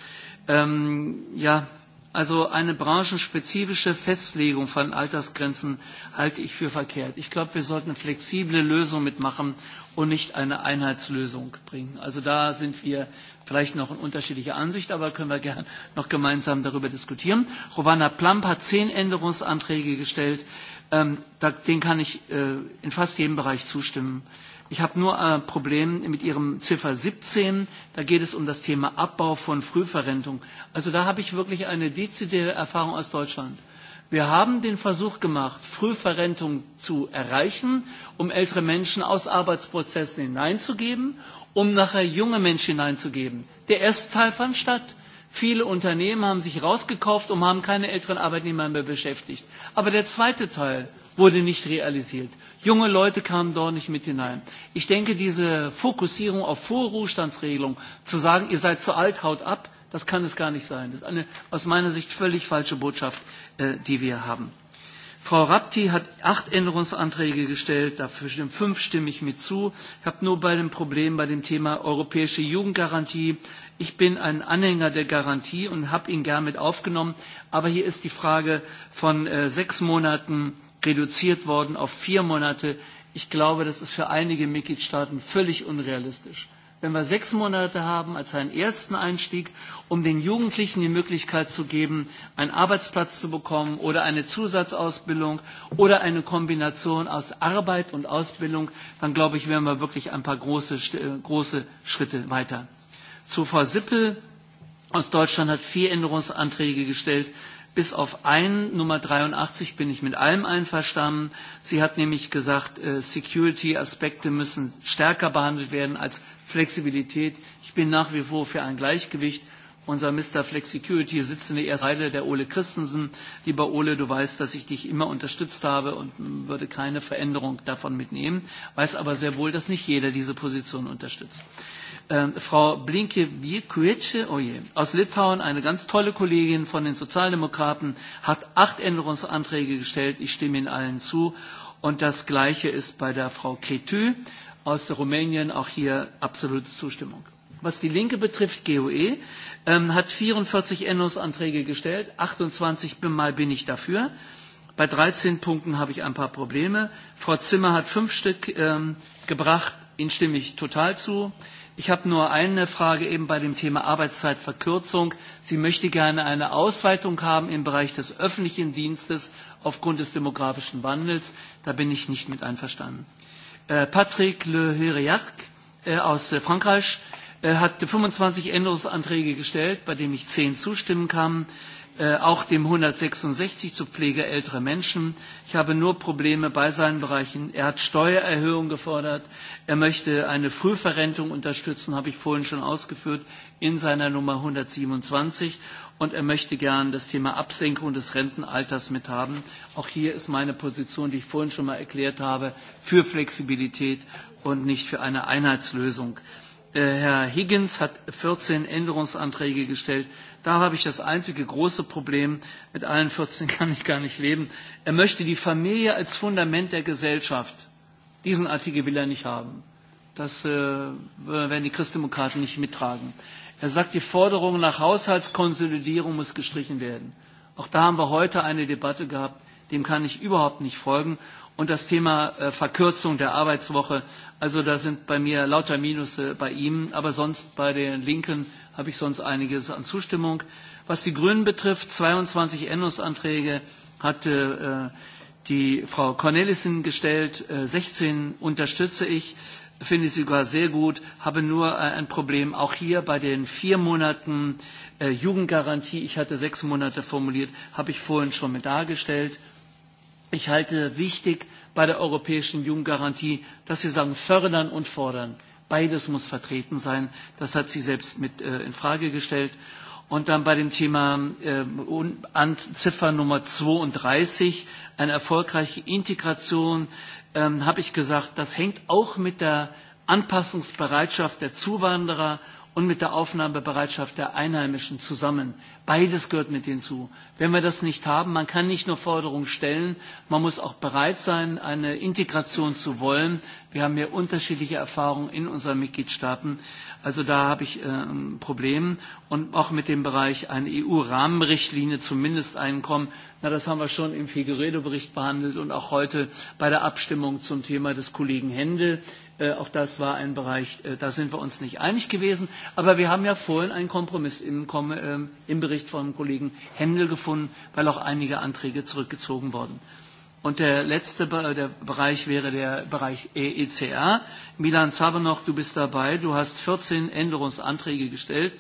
[SPEAKER 4] Ähm, ja, Also eine branchenspezifische Festlegung von Altersgrenzen halte ich für verkehrt. Ich glaube, wir sollten eine flexible Lösung mitmachen und nicht eine Einheitslösung bringen. Also da sind wir vielleicht noch in unterschiedlicher Ansicht, aber können wir gerne noch gemeinsam darüber diskutieren. Rowana Plump hat zehn Änderungsanträge gestellt. Ähm, da, den kann ich äh, in fast jedem Bereich zustimmen. Äh, Ich habe nur ein äh, Problem mit Ihrem Ziffer 17. Da geht es um das Thema Abbau von Frühverrentung. Also da habe ich wirklich eine dezidierte Erfahrung aus Deutschland. Wir haben den Versuch gemacht, Frühverrentung zu erreichen, um ältere Menschen aus Arbeitsprozessen hineinzugeben, um nachher junge Menschen hineinzugeben. Der erste Teil fand statt. Viele Unternehmen haben sich rausgekauft und haben keine älteren Arbeitnehmer mehr beschäftigt. Aber der zweite Teil wurde nicht realisiert. Junge Leute kamen dort nicht mit hinein. Ich denke, diese Fokussierung auf Vorruhestandsregelung, zu sagen, ihr seid zu alt, haut ab, das kann es gar nicht sein. Das ist eine aus meiner Sicht völlig falsche Botschaft, äh, die wir haben. Frau Rapti hat acht Änderungsanträge gestellt, dafür stimmen fünf stimme ich mit zu. Ich habe nur bei dem Problem, bei dem Thema europäische Jugendgarantie, ich bin ein Anhänger der Garantie und habe ihn gern mit aufgenommen, aber hier ist die Frage von äh, sechs Monaten äh, reduziert worden auf vier Monate. Ich glaube, das ist für einige Mitgliedstaaten völlig unrealistisch. Wenn wir sechs Monate haben als einen ersten Einstieg, um den Jugendlichen die Möglichkeit zu geben, einen Arbeitsplatz zu bekommen oder eine Zusatzausbildung oder eine Kombination aus Arbeit und Ausbildung, dann glaube ich, wären wir wirklich ein paar große, äh, große Schritte weiter. Zu Frau Sippel aus Deutschland hat vier Änderungsanträge gestellt bis auf ein Nummer 83 bin ich mit allem einverstanden. Sie hat nämlich gesagt, äh, Security-Aspekte müssen stärker behandelt werden als Flexibilität. Ich bin nach wie vor für ein Gleichgewicht. Unser Mr. Flexicurity sitzt in der ersten Seite der Ole Christensen. Lieber Ole, du weißt, dass ich dich immer unterstützt habe und würde keine Veränderung davon mitnehmen. Weiß aber sehr wohl, dass nicht jeder diese Position unterstützt. Ähm, Frau Blinke Bierkuetsche, oh je, aus Litauen, eine ganz tolle Kollegin von den Sozialdemokraten, hat acht Änderungsanträge gestellt. Ich stimme Ihnen allen zu. Und das Gleiche ist bei der Frau Cretu aus der Rumänien auch hier absolute Zustimmung. Was die Linke betrifft, GOE, ähm, hat 44 Änderungsanträge gestellt. 28 Mal bin ich dafür. Bei 13 Punkten habe ich ein paar Probleme. Frau Zimmer hat fünf Stück ähm, gebracht. Ihnen stimme ich total zu. Äh, Ich habe nur eine Frage eben bei dem Thema Arbeitszeitverkürzung. Sie möchte gerne eine Ausweitung haben im Bereich des öffentlichen Dienstes aufgrund des demografischen Wandels. Da bin ich nicht mit einverstanden. Äh, Patrick Le Hiriac äh, aus äh, Frankreich hat 25 Änderungsanträge gestellt, bei denen ich zehn zustimmen kann. Äh, auch dem 166 zu Pflege älterer Menschen. Ich habe nur Probleme bei seinen Bereichen. Er hat Steuererhöhungen gefordert. Er möchte eine Frühverrentung unterstützen, habe ich vorhin schon ausgeführt, in seiner Nummer 127. Und er möchte gern das Thema Absenkung des Rentenalters mit haben. Auch hier ist meine Position, die ich vorhin schon mal erklärt habe, für Flexibilität und nicht für eine Einheitslösung. Äh, Herr Higgins hat 14 Änderungsanträge gestellt da habe ich das einzige große Problem, mit allen 14 kann ich gar nicht leben. Er möchte die Familie als Fundament der Gesellschaft. Diesen Artikel will er nicht haben. Das äh, werden die Christdemokraten nicht mittragen. Er sagt, die Forderung nach Haushaltskonsolidierung muss gestrichen werden. Auch da haben wir heute eine Debatte gehabt, dem kann ich überhaupt nicht folgen. Und das Thema äh, Verkürzung der Arbeitswoche, also da sind bei mir lauter Minus bei ihm, aber sonst bei den Linken habe ich sonst einiges an Zustimmung. Was die Grünen betrifft, 22 Änderungsanträge hatte äh, die Frau Cornelissen gestellt, äh, 16 unterstütze ich, finde ich sogar sehr gut, habe nur äh, ein Problem auch hier bei den vier Monaten äh, Jugendgarantie. Ich hatte sechs Monate formuliert, habe ich vorhin schon mit dargestellt. Ich halte wichtig bei der europäischen Jugendgarantie, dass wir sagen, fördern und fordern beides muss vertreten sein. Das hat sie selbst mit äh, in Frage gestellt. Und dann bei dem Thema äh, an Ziffer Nummer 32, eine erfolgreiche Integration, ähm, habe ich gesagt, das hängt auch mit der Anpassungsbereitschaft der Zuwanderer und mit der Aufnahmebereitschaft der Einheimischen zusammen. Beides gehört mit hinzu. Wenn wir das nicht haben, man kann nicht nur Forderungen stellen, man muss auch bereit sein, eine Integration zu wollen. Wir haben ja unterschiedliche Erfahrungen in unseren Mitgliedstaaten. Also da habe ich äh, ein Problem. Und auch mit dem Bereich eine EU-Rahmenrichtlinie zum Mindesteinkommen, na, das haben wir schon im Figueredo-Bericht behandelt und auch heute bei der Abstimmung zum Thema des Kollegen Händel. Äh, auch das war ein Bereich, äh, da sind wir uns nicht einig gewesen. Aber wir haben ja vorhin einen Kompromiss im, ähm, im Bericht von Kollegen Händel gefunden, weil auch einige Anträge zurückgezogen wurden. Und der letzte äh, der Bereich wäre der Bereich ECR. E Milan Zabernoch, du bist dabei. Du hast 14 Änderungsanträge gestellt.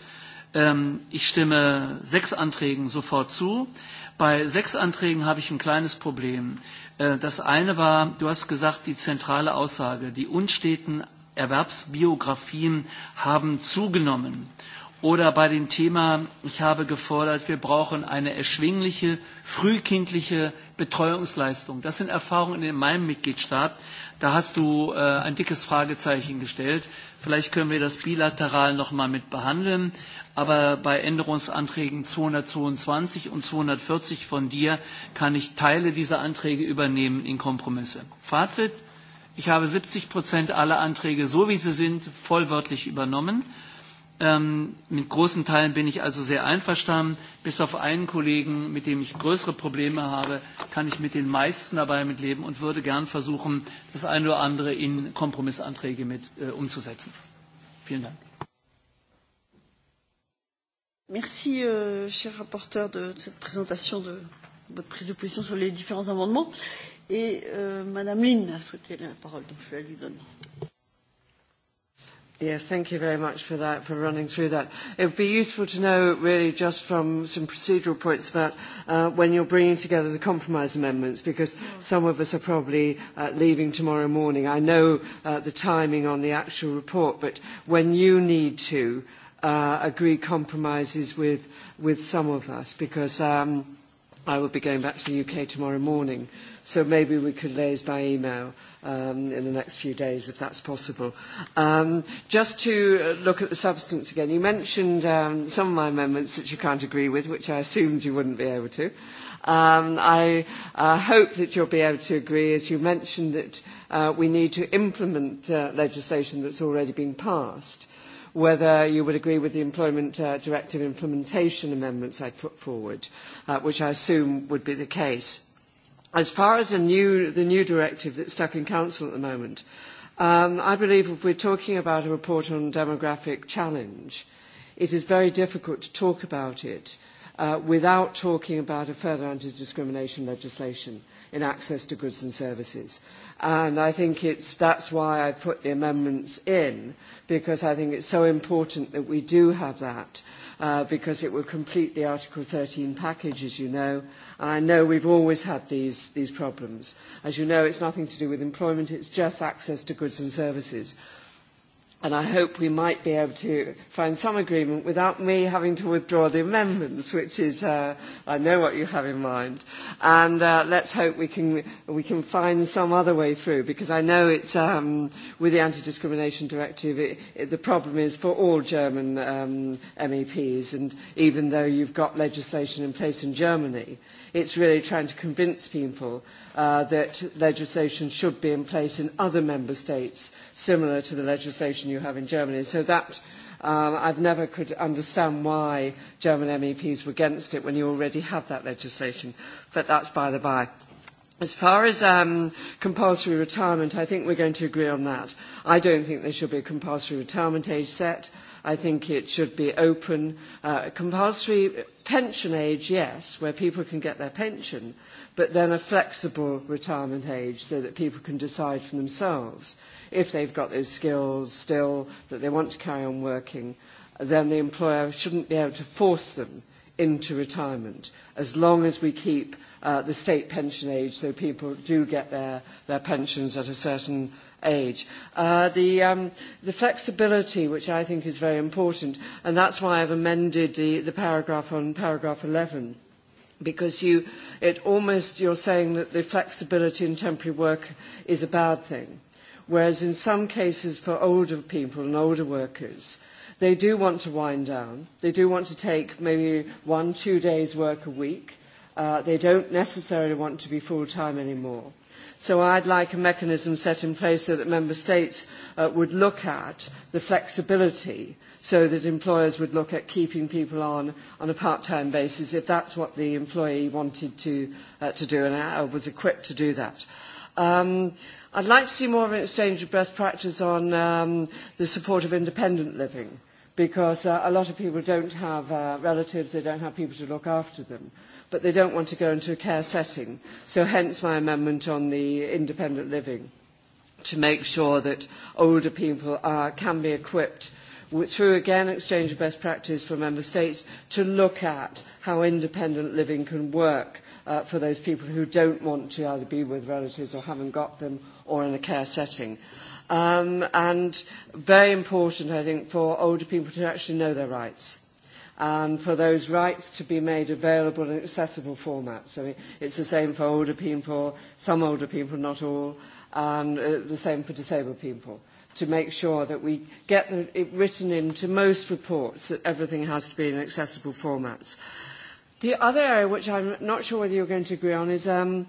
[SPEAKER 4] Ähm, ich stimme sechs Anträgen sofort zu. Bei sechs Anträgen habe ich ein kleines Problem. Äh, Äh, das eine war, du hast gesagt, die zentrale Aussage, die unsteten Erwerbsbiografien haben zugenommen. Oder bei dem Thema, ich habe gefordert, wir brauchen eine erschwingliche, frühkindliche Betreuungsleistung. Das sind Erfahrungen in meinem Mitgliedstaat. Da hast du äh, ein dickes Fragezeichen gestellt. Vielleicht können wir das bilateral noch mal mit behandeln aber bei Änderungsanträgen 222 und 240 von dir kann ich Teile dieser Anträge übernehmen in Kompromisse. Fazit, ich habe 70 Prozent aller Anträge, so wie sie sind, vollwörtlich übernommen. Ähm, mit großen Teilen bin ich also sehr einverstanden. Bis auf einen Kollegen, mit dem ich größere Probleme habe, kann ich mit den meisten dabei mitleben und würde gern versuchen, das eine oder andere in Kompromissanträge mit äh, umzusetzen. Vielen Dank.
[SPEAKER 1] Merci, euh, cher rapporteur, de, de cette présentation de votre prise de position sur les différents amendements. Et euh, Madame Lynn a souhaité la parole, donc je la lui donne.
[SPEAKER 6] Yes, thank you very much for that, for running through that. It would be useful to know, really, just from some procedural points about uh, when you're bringing together the compromise amendments, because yeah. Mm. some of us are probably uh, leaving tomorrow morning. I know uh, the timing on the actual report, but when you need to, uh, uh, agree compromises with, with some of us because um, I will be going back to the UK tomorrow morning. So maybe we could liaise by email um, in the next few days if that's possible. Um, just to look at the substance again, you mentioned um, some of my amendments that you can't agree with, which I assumed you wouldn't be able to. Um, I uh, hope that you'll be able to agree, as you mentioned, that uh, we need to implement uh, legislation that's already been passed. Uh, whether you would agree with the Employment uh, Directive implementation amendments I put forward, uh, which I assume would be the case. As far as the new, the new directive that's stuck in Council at the moment, um, I believe if we're talking about a report on demographic challenge, it is very difficult to talk about it uh, without talking about a further anti-discrimination legislation in access to goods and services. And I think it's, that's why I put the amendments in, because I think it's so important that we do have that, uh, because it will complete the Article 13 package, as you know. And I know we've always had these, these problems. As you know, it's nothing to do with employment, it's just access to goods and services and I hope we might be able to find some agreement without me having to withdraw the amendments, which is, uh, I know what you have in mind. And uh, let's hope we can, we can find some other way through, because I know it's, um, with the Anti-Discrimination Directive, it, it, the problem is for all German um, MEPs, and even though you've got legislation in place in Germany, it's really trying to convince people uh, that legislation should be in place in other member states similar to the legislation you have in Germany. So that um, I've never could understand why German MEPs were against it when you already have that legislation. But that's by the by. As far as um, compulsory retirement, I think we're going to agree on that. I don't think there should be a compulsory retirement age set. I think it should be open. Uh, compulsory pension age, yes, where people can get their pension. Uh, but then a flexible retirement age so that people can decide for themselves if they've got those skills still that they want to carry on working then the employer shouldn't be able to force them into retirement as long as we keep uh, the state pension age so people do get their their pensions at a certain age. Uh, the, um, the flexibility, which I think is very important, and that's why I've amended the, the paragraph on paragraph 11, because you it almost you're saying that the flexibility in temporary work is a bad thing whereas in some cases for older people and older workers they do want to wind down they do want to take maybe one two days work a week uh, they don't necessarily want to be full time anymore so I'd like a mechanism set in place so that member states uh, would look at the flexibility uh, so that employers would look at keeping people on on a part-time basis if that's what the employee wanted to uh, to do and uh, was equipped to do that. Um, I'd like to see more of an exchange of best practice on um, the support of independent living because uh, a lot of people don't have uh, relatives, they don't have people to look after them, but they don't want to go into a care setting. So hence my amendment on the independent living to make sure that older people are, can be equipped through again exchange of best practice for member states to look at how independent living can work uh, for those people who don't want to either be with relatives or haven't got them or in a care setting. Um, and very important, I think, for older people to actually know their rights and for those rights to be made available in accessible formats. So it's the same for older people, some older people, not all, and uh, the same for disabled people to make sure that we get it written into most reports that everything has to be in accessible formats. The other area, which I'm not sure whether you're going to agree on, is um,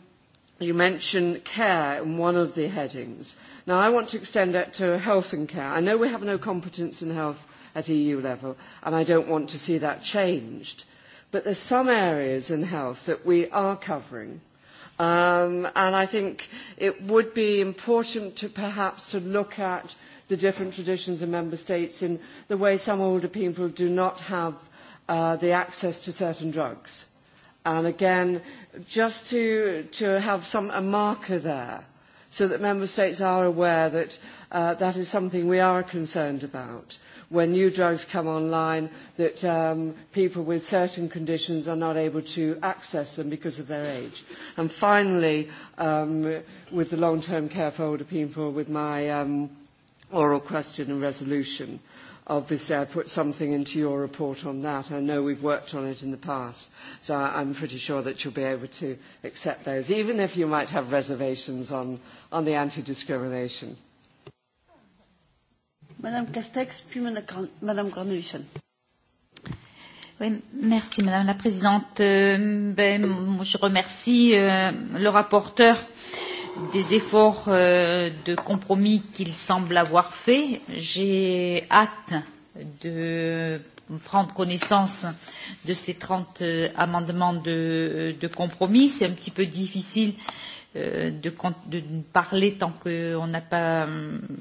[SPEAKER 6] you mentioned care in one of the headings. Now, I want to extend that to health and care. I know we have no competence in health at EU level, and I don't want to see that changed. But there's some areas in health that we are covering. Um, and I think it would be important to perhaps to look at the different traditions of member states in the way some older people do not have uh, the access to certain drugs. And again, just to, to have some, a marker there so that member states are aware that uh, that is something we are concerned about when new drugs come online that um, people with certain conditions are not able to access them because of their age. And finally, um, with the long term care for older people, with my um, oral question and resolution. Obviously, I put something into your report on that. I know we've worked on it in the past, so I'm pretty sure that you'll be able to accept those, even if you might have reservations on, on the anti-discrimination.
[SPEAKER 1] Madame Castex, puis Madame Cornelissen.
[SPEAKER 9] Oui, merci Madame la Présidente. Euh, ben, je remercie euh, le rapporteur des efforts euh, de compromis qu'il semble avoir fait. J'ai hâte de prendre connaissance de ces 30 euh, amendements de, euh, de compromis. C'est un petit peu difficile euh, Euh, de, quand, de parler tant qu'on n'a pas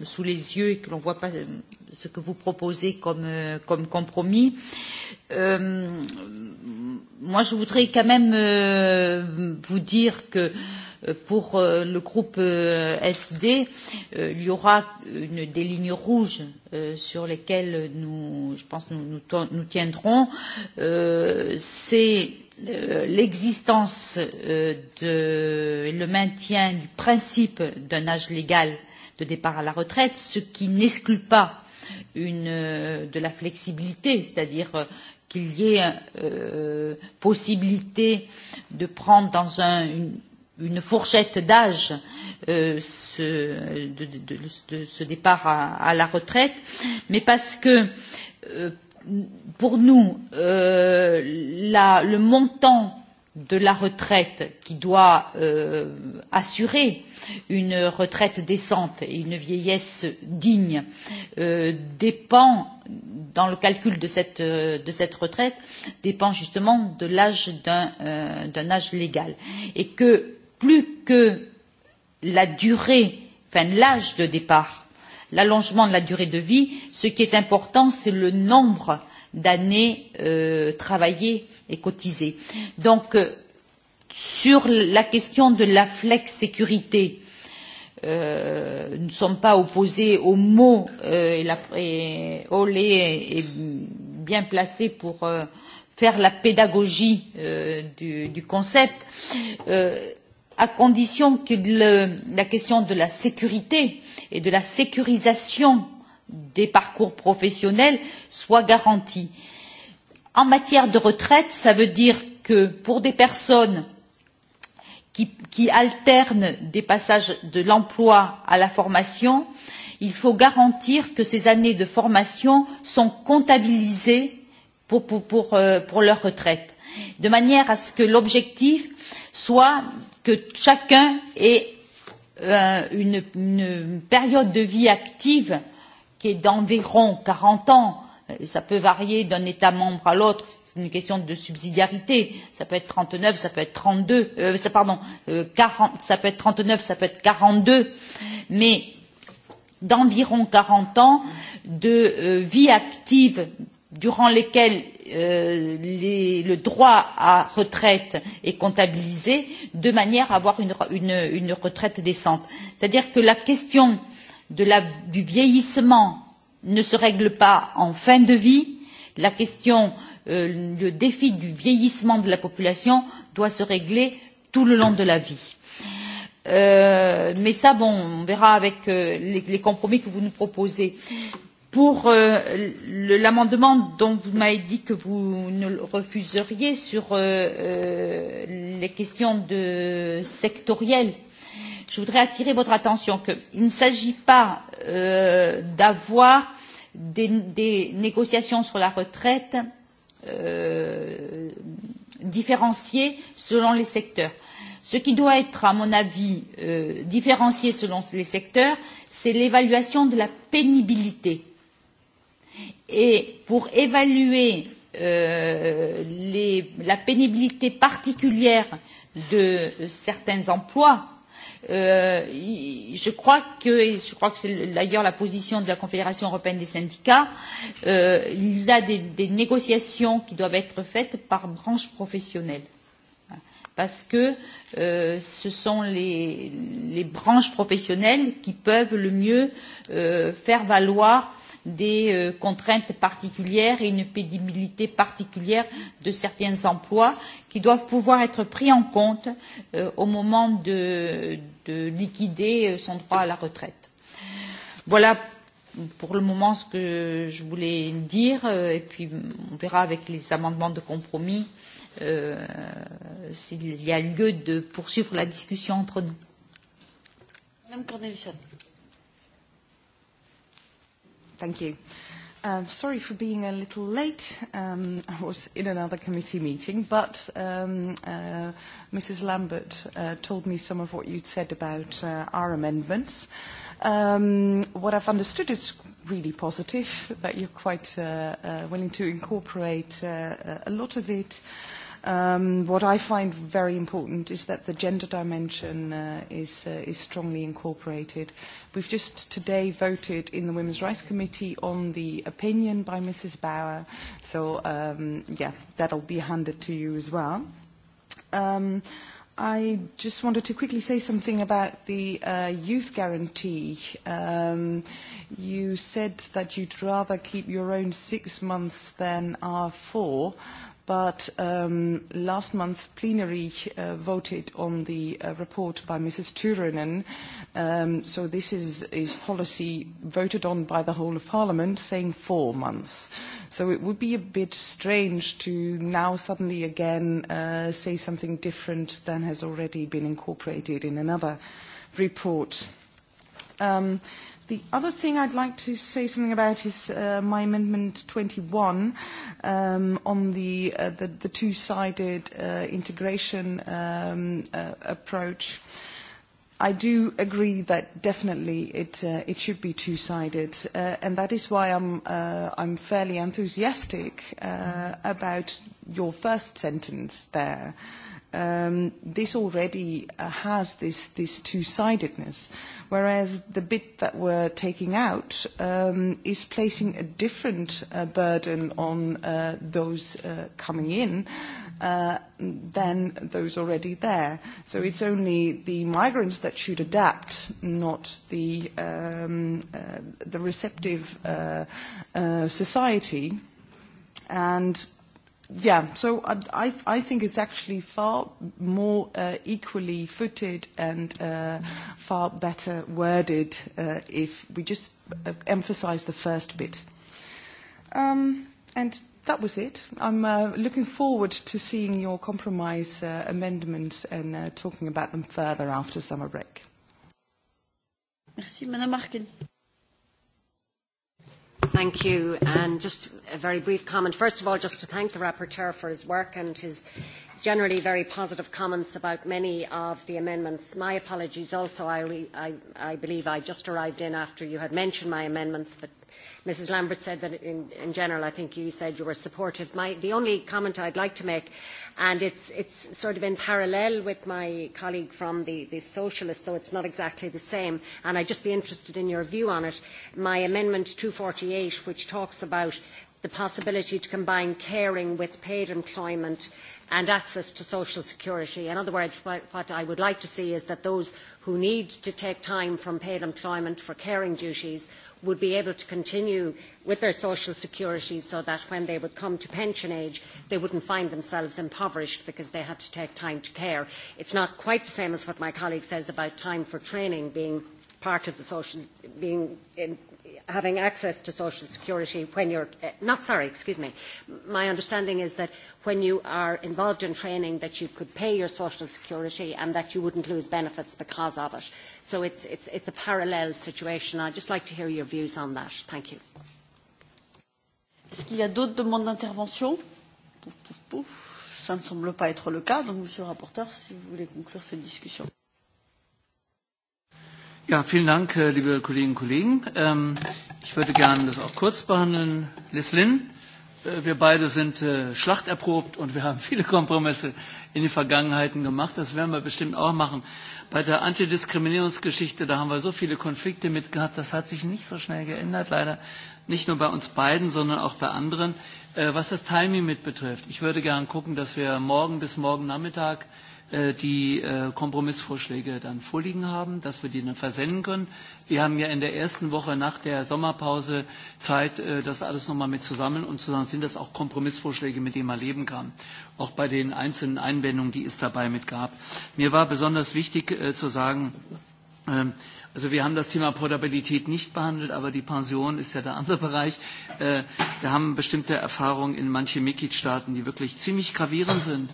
[SPEAKER 9] sous les yeux et que l'on ne voit pas ce que vous proposez comme, euh, comme compromis. Euh, moi, je voudrais quand même euh, vous dire que pour le groupe SD, il y aura une, des lignes rouges sur lesquelles nous, je pense, nous, nous, nous tiendrons. Euh, C'est l'existence euh, de le maintien du principe d'un âge légal de départ à la retraite, ce qui n'exclut pas une, euh, de la flexibilité, c'est-à-dire euh, qu'il y ait euh, possibilité de prendre dans un, une, une fourchette d'âge euh, ce, de, de, de, de ce départ à, à la retraite, mais parce que euh, pour nous, euh, la, le montant de la retraite qui doit euh, assurer une retraite décente et une vieillesse digne euh, dépend dans le calcul de cette, euh, de cette retraite dépend justement de l'âge d'un, euh, d'un âge légal et que plus que la durée enfin l'âge de départ l'allongement de la durée de vie. Ce qui est important, c'est le nombre d'années euh, travaillées et cotisées. Donc, euh, sur la question de la flex sécurité, euh, nous ne sommes pas opposés au mot euh, et, la, et Olé est, est bien placé pour euh, faire la pédagogie euh, du, du concept, euh, à condition que le, la question de la sécurité euh, et de la sécurisation des parcours professionnels soient garantis. En matière de retraite, ça veut dire que pour des personnes qui, qui alternent des passages de l'emploi à la formation, il faut garantir que ces années de formation sont comptabilisées pour, pour, pour, euh, pour leur retraite, de manière à ce que l'objectif soit que chacun ait euh, une, une période de vie active qui est d'environ 40 ans, euh, ça peut varier d'un État membre à l'autre, c'est une question de subsidiarité, ça peut être 39, ça peut être 32, euh, ça, pardon, euh, 40, ça peut être 39, ça peut être 42, mais d'environ 40 ans de euh, vie active durant lesquelles euh, les, le droit à retraite est comptabilisé de manière à avoir une, une, une retraite décente. C'est à dire que la question de la, du vieillissement ne se règle pas en fin de vie, la question euh, le défi du vieillissement de la population doit se régler tout le long de la vie. Euh, mais ça, bon, on verra avec euh, les, les compromis que vous nous proposez pour euh, l'amendement dont vous m'avez dit que vous ne le refuseriez sur euh, euh, les questions de sectorielles, je voudrais attirer votre attention qu'il ne s'agit pas euh, d'avoir des, des négociations sur la retraite euh, différenciées selon les secteurs. Ce qui doit être, à mon avis, euh, différencié selon les secteurs, c'est l'évaluation de la pénibilité. Et pour évaluer euh, les, la pénibilité particulière de certains emplois, euh, je crois que, et je crois que c'est d'ailleurs la position de la Confédération européenne des syndicats, euh, il y a des, des négociations qui doivent être faites par branche professionnelle. Parce que euh, ce sont les, les branches professionnelles qui peuvent le mieux euh, faire valoir euh, des euh, contraintes particulières et une pénibilité particulière de certains emplois qui doivent pouvoir être pris en compte euh, au moment de, de liquider euh, son droit à la retraite. Voilà pour le moment ce que je voulais dire euh, et puis on verra avec les amendements de compromis euh, s'il y a lieu de poursuivre la discussion entre
[SPEAKER 8] nous.
[SPEAKER 1] Madame Cornelissette.
[SPEAKER 8] Thank you. Um, sorry for being a little late. Um, I was in another committee meeting, but Mrs. Um, uh, Lambert uh, told me some of what you'd said about uh, our amendments. What I've understood is really positive, that you're quite willing to incorporate a lot of it. Um, what I find very important is that the gender dimension uh, is, uh, is strongly incorporated. We've just today voted in the Women's Rights Committee on the opinion by Mrs. Bauer. So, um, yeah, that'll be handed to you as well. Um, I just wanted to quickly say something about the uh, youth guarantee. Um, you said that you'd rather keep your own six months than our four but um, last month plenary uh, voted on the uh, report by Mrs. Turinen. Um, so this is, is policy voted on by the whole of Parliament, saying four months. So it would be a bit strange to now suddenly again uh, say something different than has already been incorporated in another report. Um, The other thing I'd like to say something about is uh, my amendment 21 um, on the, uh, the, the two-sided uh, integration um, uh, approach. I do agree that definitely it, uh, it should be two-sided, uh, and that is why I'm, uh, I'm fairly enthusiastic uh, about your first sentence there. Um, this already uh, has this, this two-sidedness. Uh, whereas the bit that we're taking out um, is placing a different uh, burden on uh, those uh, coming in uh, than those already there. So it's only the migrants that should adapt, not the, um, uh, the receptive uh, uh, society. And Yeah, so I, I, I think it's actually far more uh, equally footed and uh, far better worded uh, if we just uh, emphasize the first bit. Um, and that was it. I'm uh, looking forward to seeing your compromise uh, amendments and uh, talking about them further after summer break.
[SPEAKER 1] Merci, Madame Marquin.
[SPEAKER 10] Thank you. And just a very brief comment. First of all, just to thank the Rapporteur for his work and his generally very positive comments about many of the amendments. My apologies also, I, re- I, I believe I just arrived in after you had mentioned my amendments, but Mrs. Lambert said that in, in general, I think you said you were supportive. My, the only comment I'd like to make, and it's, it's sort of in parallel with my colleague from the, the Socialists, though it's not exactly the same, and I'd just be interested in your view on it. My amendment 248, which talks about the possibility to combine caring with paid employment and access to social security. In other words, what, what I would like to see is that those who need to take time from paid employment for caring duties would be able to continue with their social security so that when they would come to pension age, they wouldn't find themselves impoverished because they had to take time to care. It's not quite the same as what my colleague says about time for training being part of the social, being in, having access to social security when you're uh, not sorry excuse me my understanding is that when you are involved in training that you could pay your social security and that you wouldn't lose benefits because of it so it's it's it's a parallel situation i'd just like to hear your views on that thank you
[SPEAKER 1] est-ce qu'il y a d'autres demandes d'intervention pouf, pouf, pouf. ça ne semble pas être le cas donc monsieur le rapporteur si vous voulez conclure cette discussion
[SPEAKER 4] Ja, vielen Dank, äh, liebe Kolleginnen und Kollegen. Ähm, ich würde gerne das auch kurz behandeln. Liz Lin, äh, wir beide sind äh, schlachterprobt und wir haben viele Kompromisse in den Vergangenheiten gemacht. Das werden wir bestimmt auch machen. Bei der Antidiskriminierungsgeschichte, da haben wir so viele Konflikte mit gehabt. Das hat sich nicht so schnell geändert, leider. Nicht nur bei uns beiden, sondern auch bei anderen. Was das Timing mit betrifft, ich würde gerne gucken, dass wir morgen bis morgen Nachmittag Äh, die äh, Kompromissvorschläge dann vorliegen haben, dass wir die dann versenden können. Wir haben ja in der ersten Woche nach der Sommerpause Zeit, äh, das alles nochmal mit zusammen und zusammen sind das auch Kompromissvorschläge, mit denen man leben kann. Auch bei den einzelnen Einwendungen, die es dabei mit gab. Mir war besonders wichtig zu sagen, ähm, also wir haben das Thema Portabilität nicht behandelt, aber die Pension ist ja der andere Bereich. Wir haben bestimmte Erfahrungen in manchen Mitgliedstaaten, die wirklich ziemlich gravierend sind.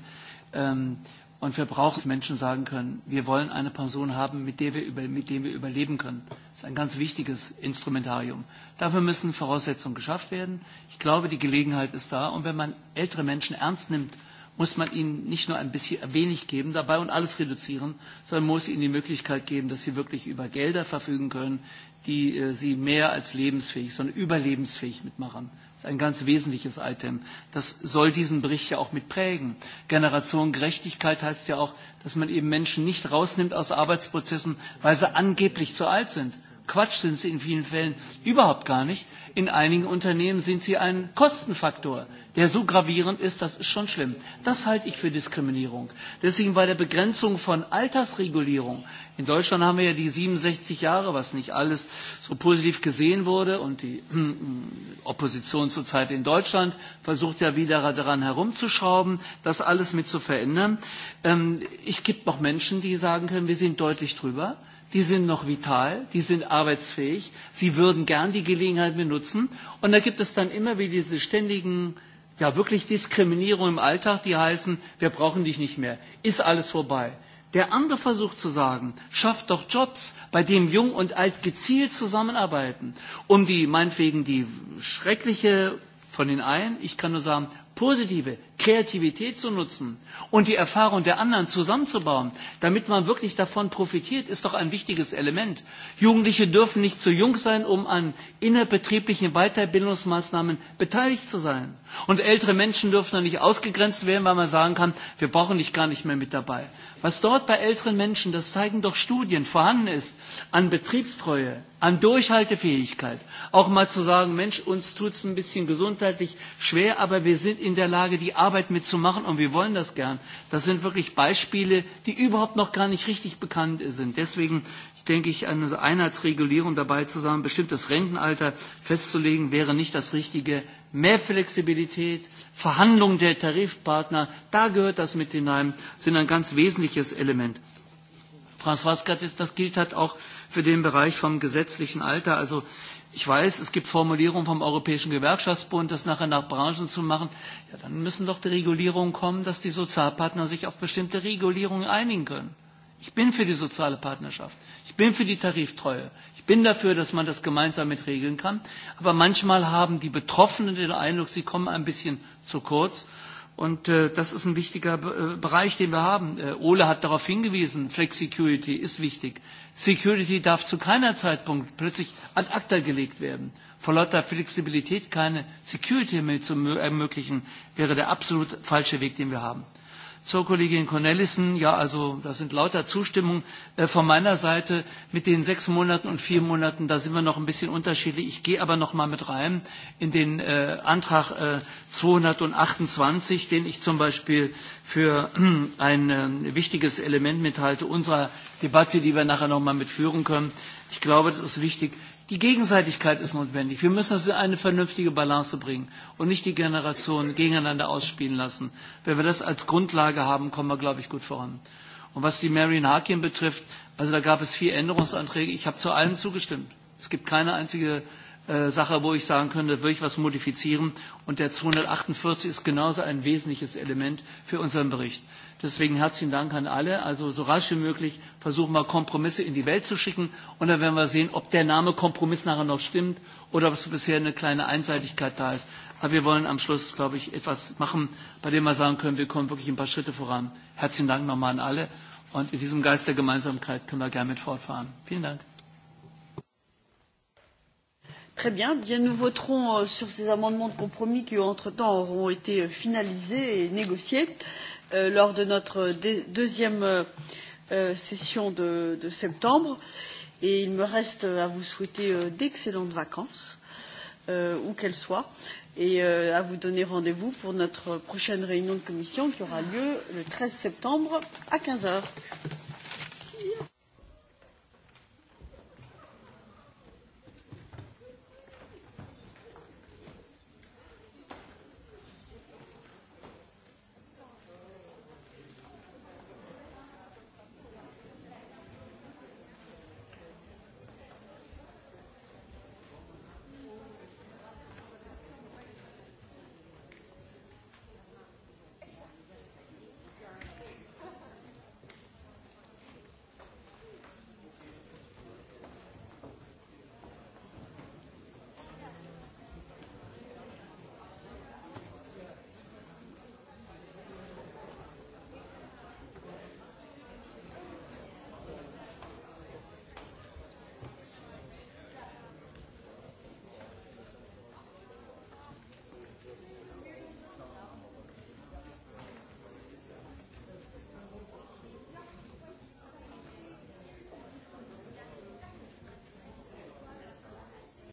[SPEAKER 4] Ähm, und wir brauchen, dass Menschen sagen können, wir wollen eine Person haben, mit der wir, über, mit dem wir überleben können. Das ist ein ganz wichtiges Instrumentarium. Dafür müssen Voraussetzungen geschafft werden. Ich glaube, die Gelegenheit ist da. Und wenn man ältere Menschen ernst nimmt, muss man ihnen nicht nur ein bisschen wenig geben dabei und alles reduzieren, sondern muss ihnen die Möglichkeit geben, dass sie wirklich über Gelder verfügen können, die äh, sie mehr als lebensfähig, sondern überlebensfähig mitmachen ist ein ganz wesentliches Item. Das soll diesen Bericht ja auch mit prägen. Generationengerechtigkeit heißt ja auch, dass man eben Menschen nicht rausnimmt aus Arbeitsprozessen, weil sie angeblich zu alt sind. Quatsch sind sie in vielen Fällen überhaupt gar nicht. In einigen Unternehmen sind sie ein Kostenfaktor, der so gravierend ist, das ist schon schlimm. Das halte ich für Diskriminierung. Deswegen bei der Begrenzung von Altersregulierung In Deutschland haben wir ja die 67 Jahre, was nicht alles so positiv gesehen wurde. Und die äh, Opposition zurzeit in Deutschland versucht ja wieder daran herumzuschrauben, das alles mit zu verändern. Ähm, ich gibt noch Menschen, die sagen können, wir sind deutlich drüber. Die sind noch vital, die sind arbeitsfähig. Sie würden gern die Gelegenheit benutzen. Und da gibt es dann immer wieder diese ständigen, ja wirklich Diskriminierung im Alltag, die heißen, wir brauchen dich nicht mehr. Ist alles vorbei. Der andere versucht zu sagen, schafft doch Jobs, bei dem Jung und Alt gezielt zusammenarbeiten, um die, meinetwegen die schreckliche von den einen, ich kann nur sagen, positive Kreativität zu nutzen und die Erfahrung der anderen zusammenzubauen, damit man wirklich davon profitiert, ist doch ein wichtiges Element. Jugendliche dürfen nicht zu jung sein, um an innerbetrieblichen Weiterbildungsmaßnahmen beteiligt zu sein. Und ältere Menschen dürfen doch nicht ausgegrenzt werden, weil man sagen kann, wir brauchen dich gar nicht mehr mit dabei was dort bei älteren Menschen, das zeigen doch Studien, vorhanden ist an Betriebstreue, an Durchhaltefähigkeit. Auch mal zu sagen, Mensch, uns tut es ein bisschen gesundheitlich schwer, aber wir sind in der Lage, die Arbeit mitzumachen und wir wollen das gern. Das sind wirklich Beispiele, die überhaupt noch gar nicht richtig bekannt sind. Deswegen denke ich, eine Einheitsregulierung dabei zu sein, bestimmtes Rentenalter festzulegen, wäre nicht das Richtige mehr Flexibilität, Verhandlung der Tarifpartner, da gehört das mit hinein, sind ein ganz wesentliches Element. François Gattis, das gilt halt auch für den Bereich vom gesetzlichen Alter. Also ich weiß, es gibt Formulierungen vom Europäischen Gewerkschaftsbund, das nachher nach Branchen zu machen. Ja, dann müssen doch die Regulierungen kommen, dass die Sozialpartner sich auf bestimmte Regulierungen einigen können. Ich bin für die soziale Partnerschaft. Ich bin für die Tariftreue bin dafür, dass man das gemeinsam mit regeln kann. Aber manchmal haben die Betroffenen den Eindruck, sie kommen ein bisschen zu kurz. Und äh, das ist ein wichtiger B äh, Bereich, den wir haben. Äh, Ole hat darauf hingewiesen, Flexicurity ist wichtig. Security darf zu keiner Zeitpunkt plötzlich ad acta gelegt werden. Vor lauter Flexibilität keine Security mehr zu ermöglichen, wäre der absolut falsche Weg, den wir haben zur Kollegin Cornelissen. Ja, also das sind lauter Zustimmung äh, von meiner Seite mit den sechs Monaten und vier Monaten. Da sind wir noch ein bisschen unterschiedlich. Ich gehe aber noch mal mit rein in den äh, Antrag 228, äh, den ich zum Beispiel für ein wichtiges Element mithalte unserer Debatte, die wir nachher noch mal mitführen können. Ich glaube, das ist wichtig. Die Gegenseitigkeit ist notwendig. Wir müssen das in eine vernünftige Balance bringen und nicht die Generationen gegeneinander ausspielen lassen. Wenn wir das als Grundlage haben, kommen wir, glaube ich, gut voran. Und was die Marion Harkin betrifft, also da gab es vier Änderungsanträge. Ich habe zu allem zugestimmt. Es gibt keine einzige äh, Sache, wo ich sagen könnte, würde ich was modifizieren. Und der 248 ist genauso ein wesentliches Element für unseren Bericht. Deswegen herzlichen Dank an alle. Also so rasch wie möglich versuchen wir Kompromisse in die Welt zu schicken. Und dann werden wir sehen, ob der Name Kompromiss nachher noch stimmt oder ob es bisher eine kleine Einseitigkeit da ist. Aber wir wollen am Schluss, glaube ich, etwas machen, bei dem wir sagen können, wir kommen wirklich ein paar Schritte voran. Herzlichen Dank nochmal an alle. Und in diesem Geist der Gemeinsamkeit können wir gerne mit fortfahren. Vielen Dank.
[SPEAKER 1] Très bien. Bien, nous voterons euh, sur ces amendements de compromis qui, entre-temps, auront été euh, finalisés et négociés. Euh, lors de notre deuxième euh, euh, session de, de septembre et il me reste à vous souhaiter d'excellentes vacances, euh, où qu'elles soient, et euh, à vous donner rendez-vous pour notre prochaine réunion de commission qui aura lieu le 13 septembre à 15h.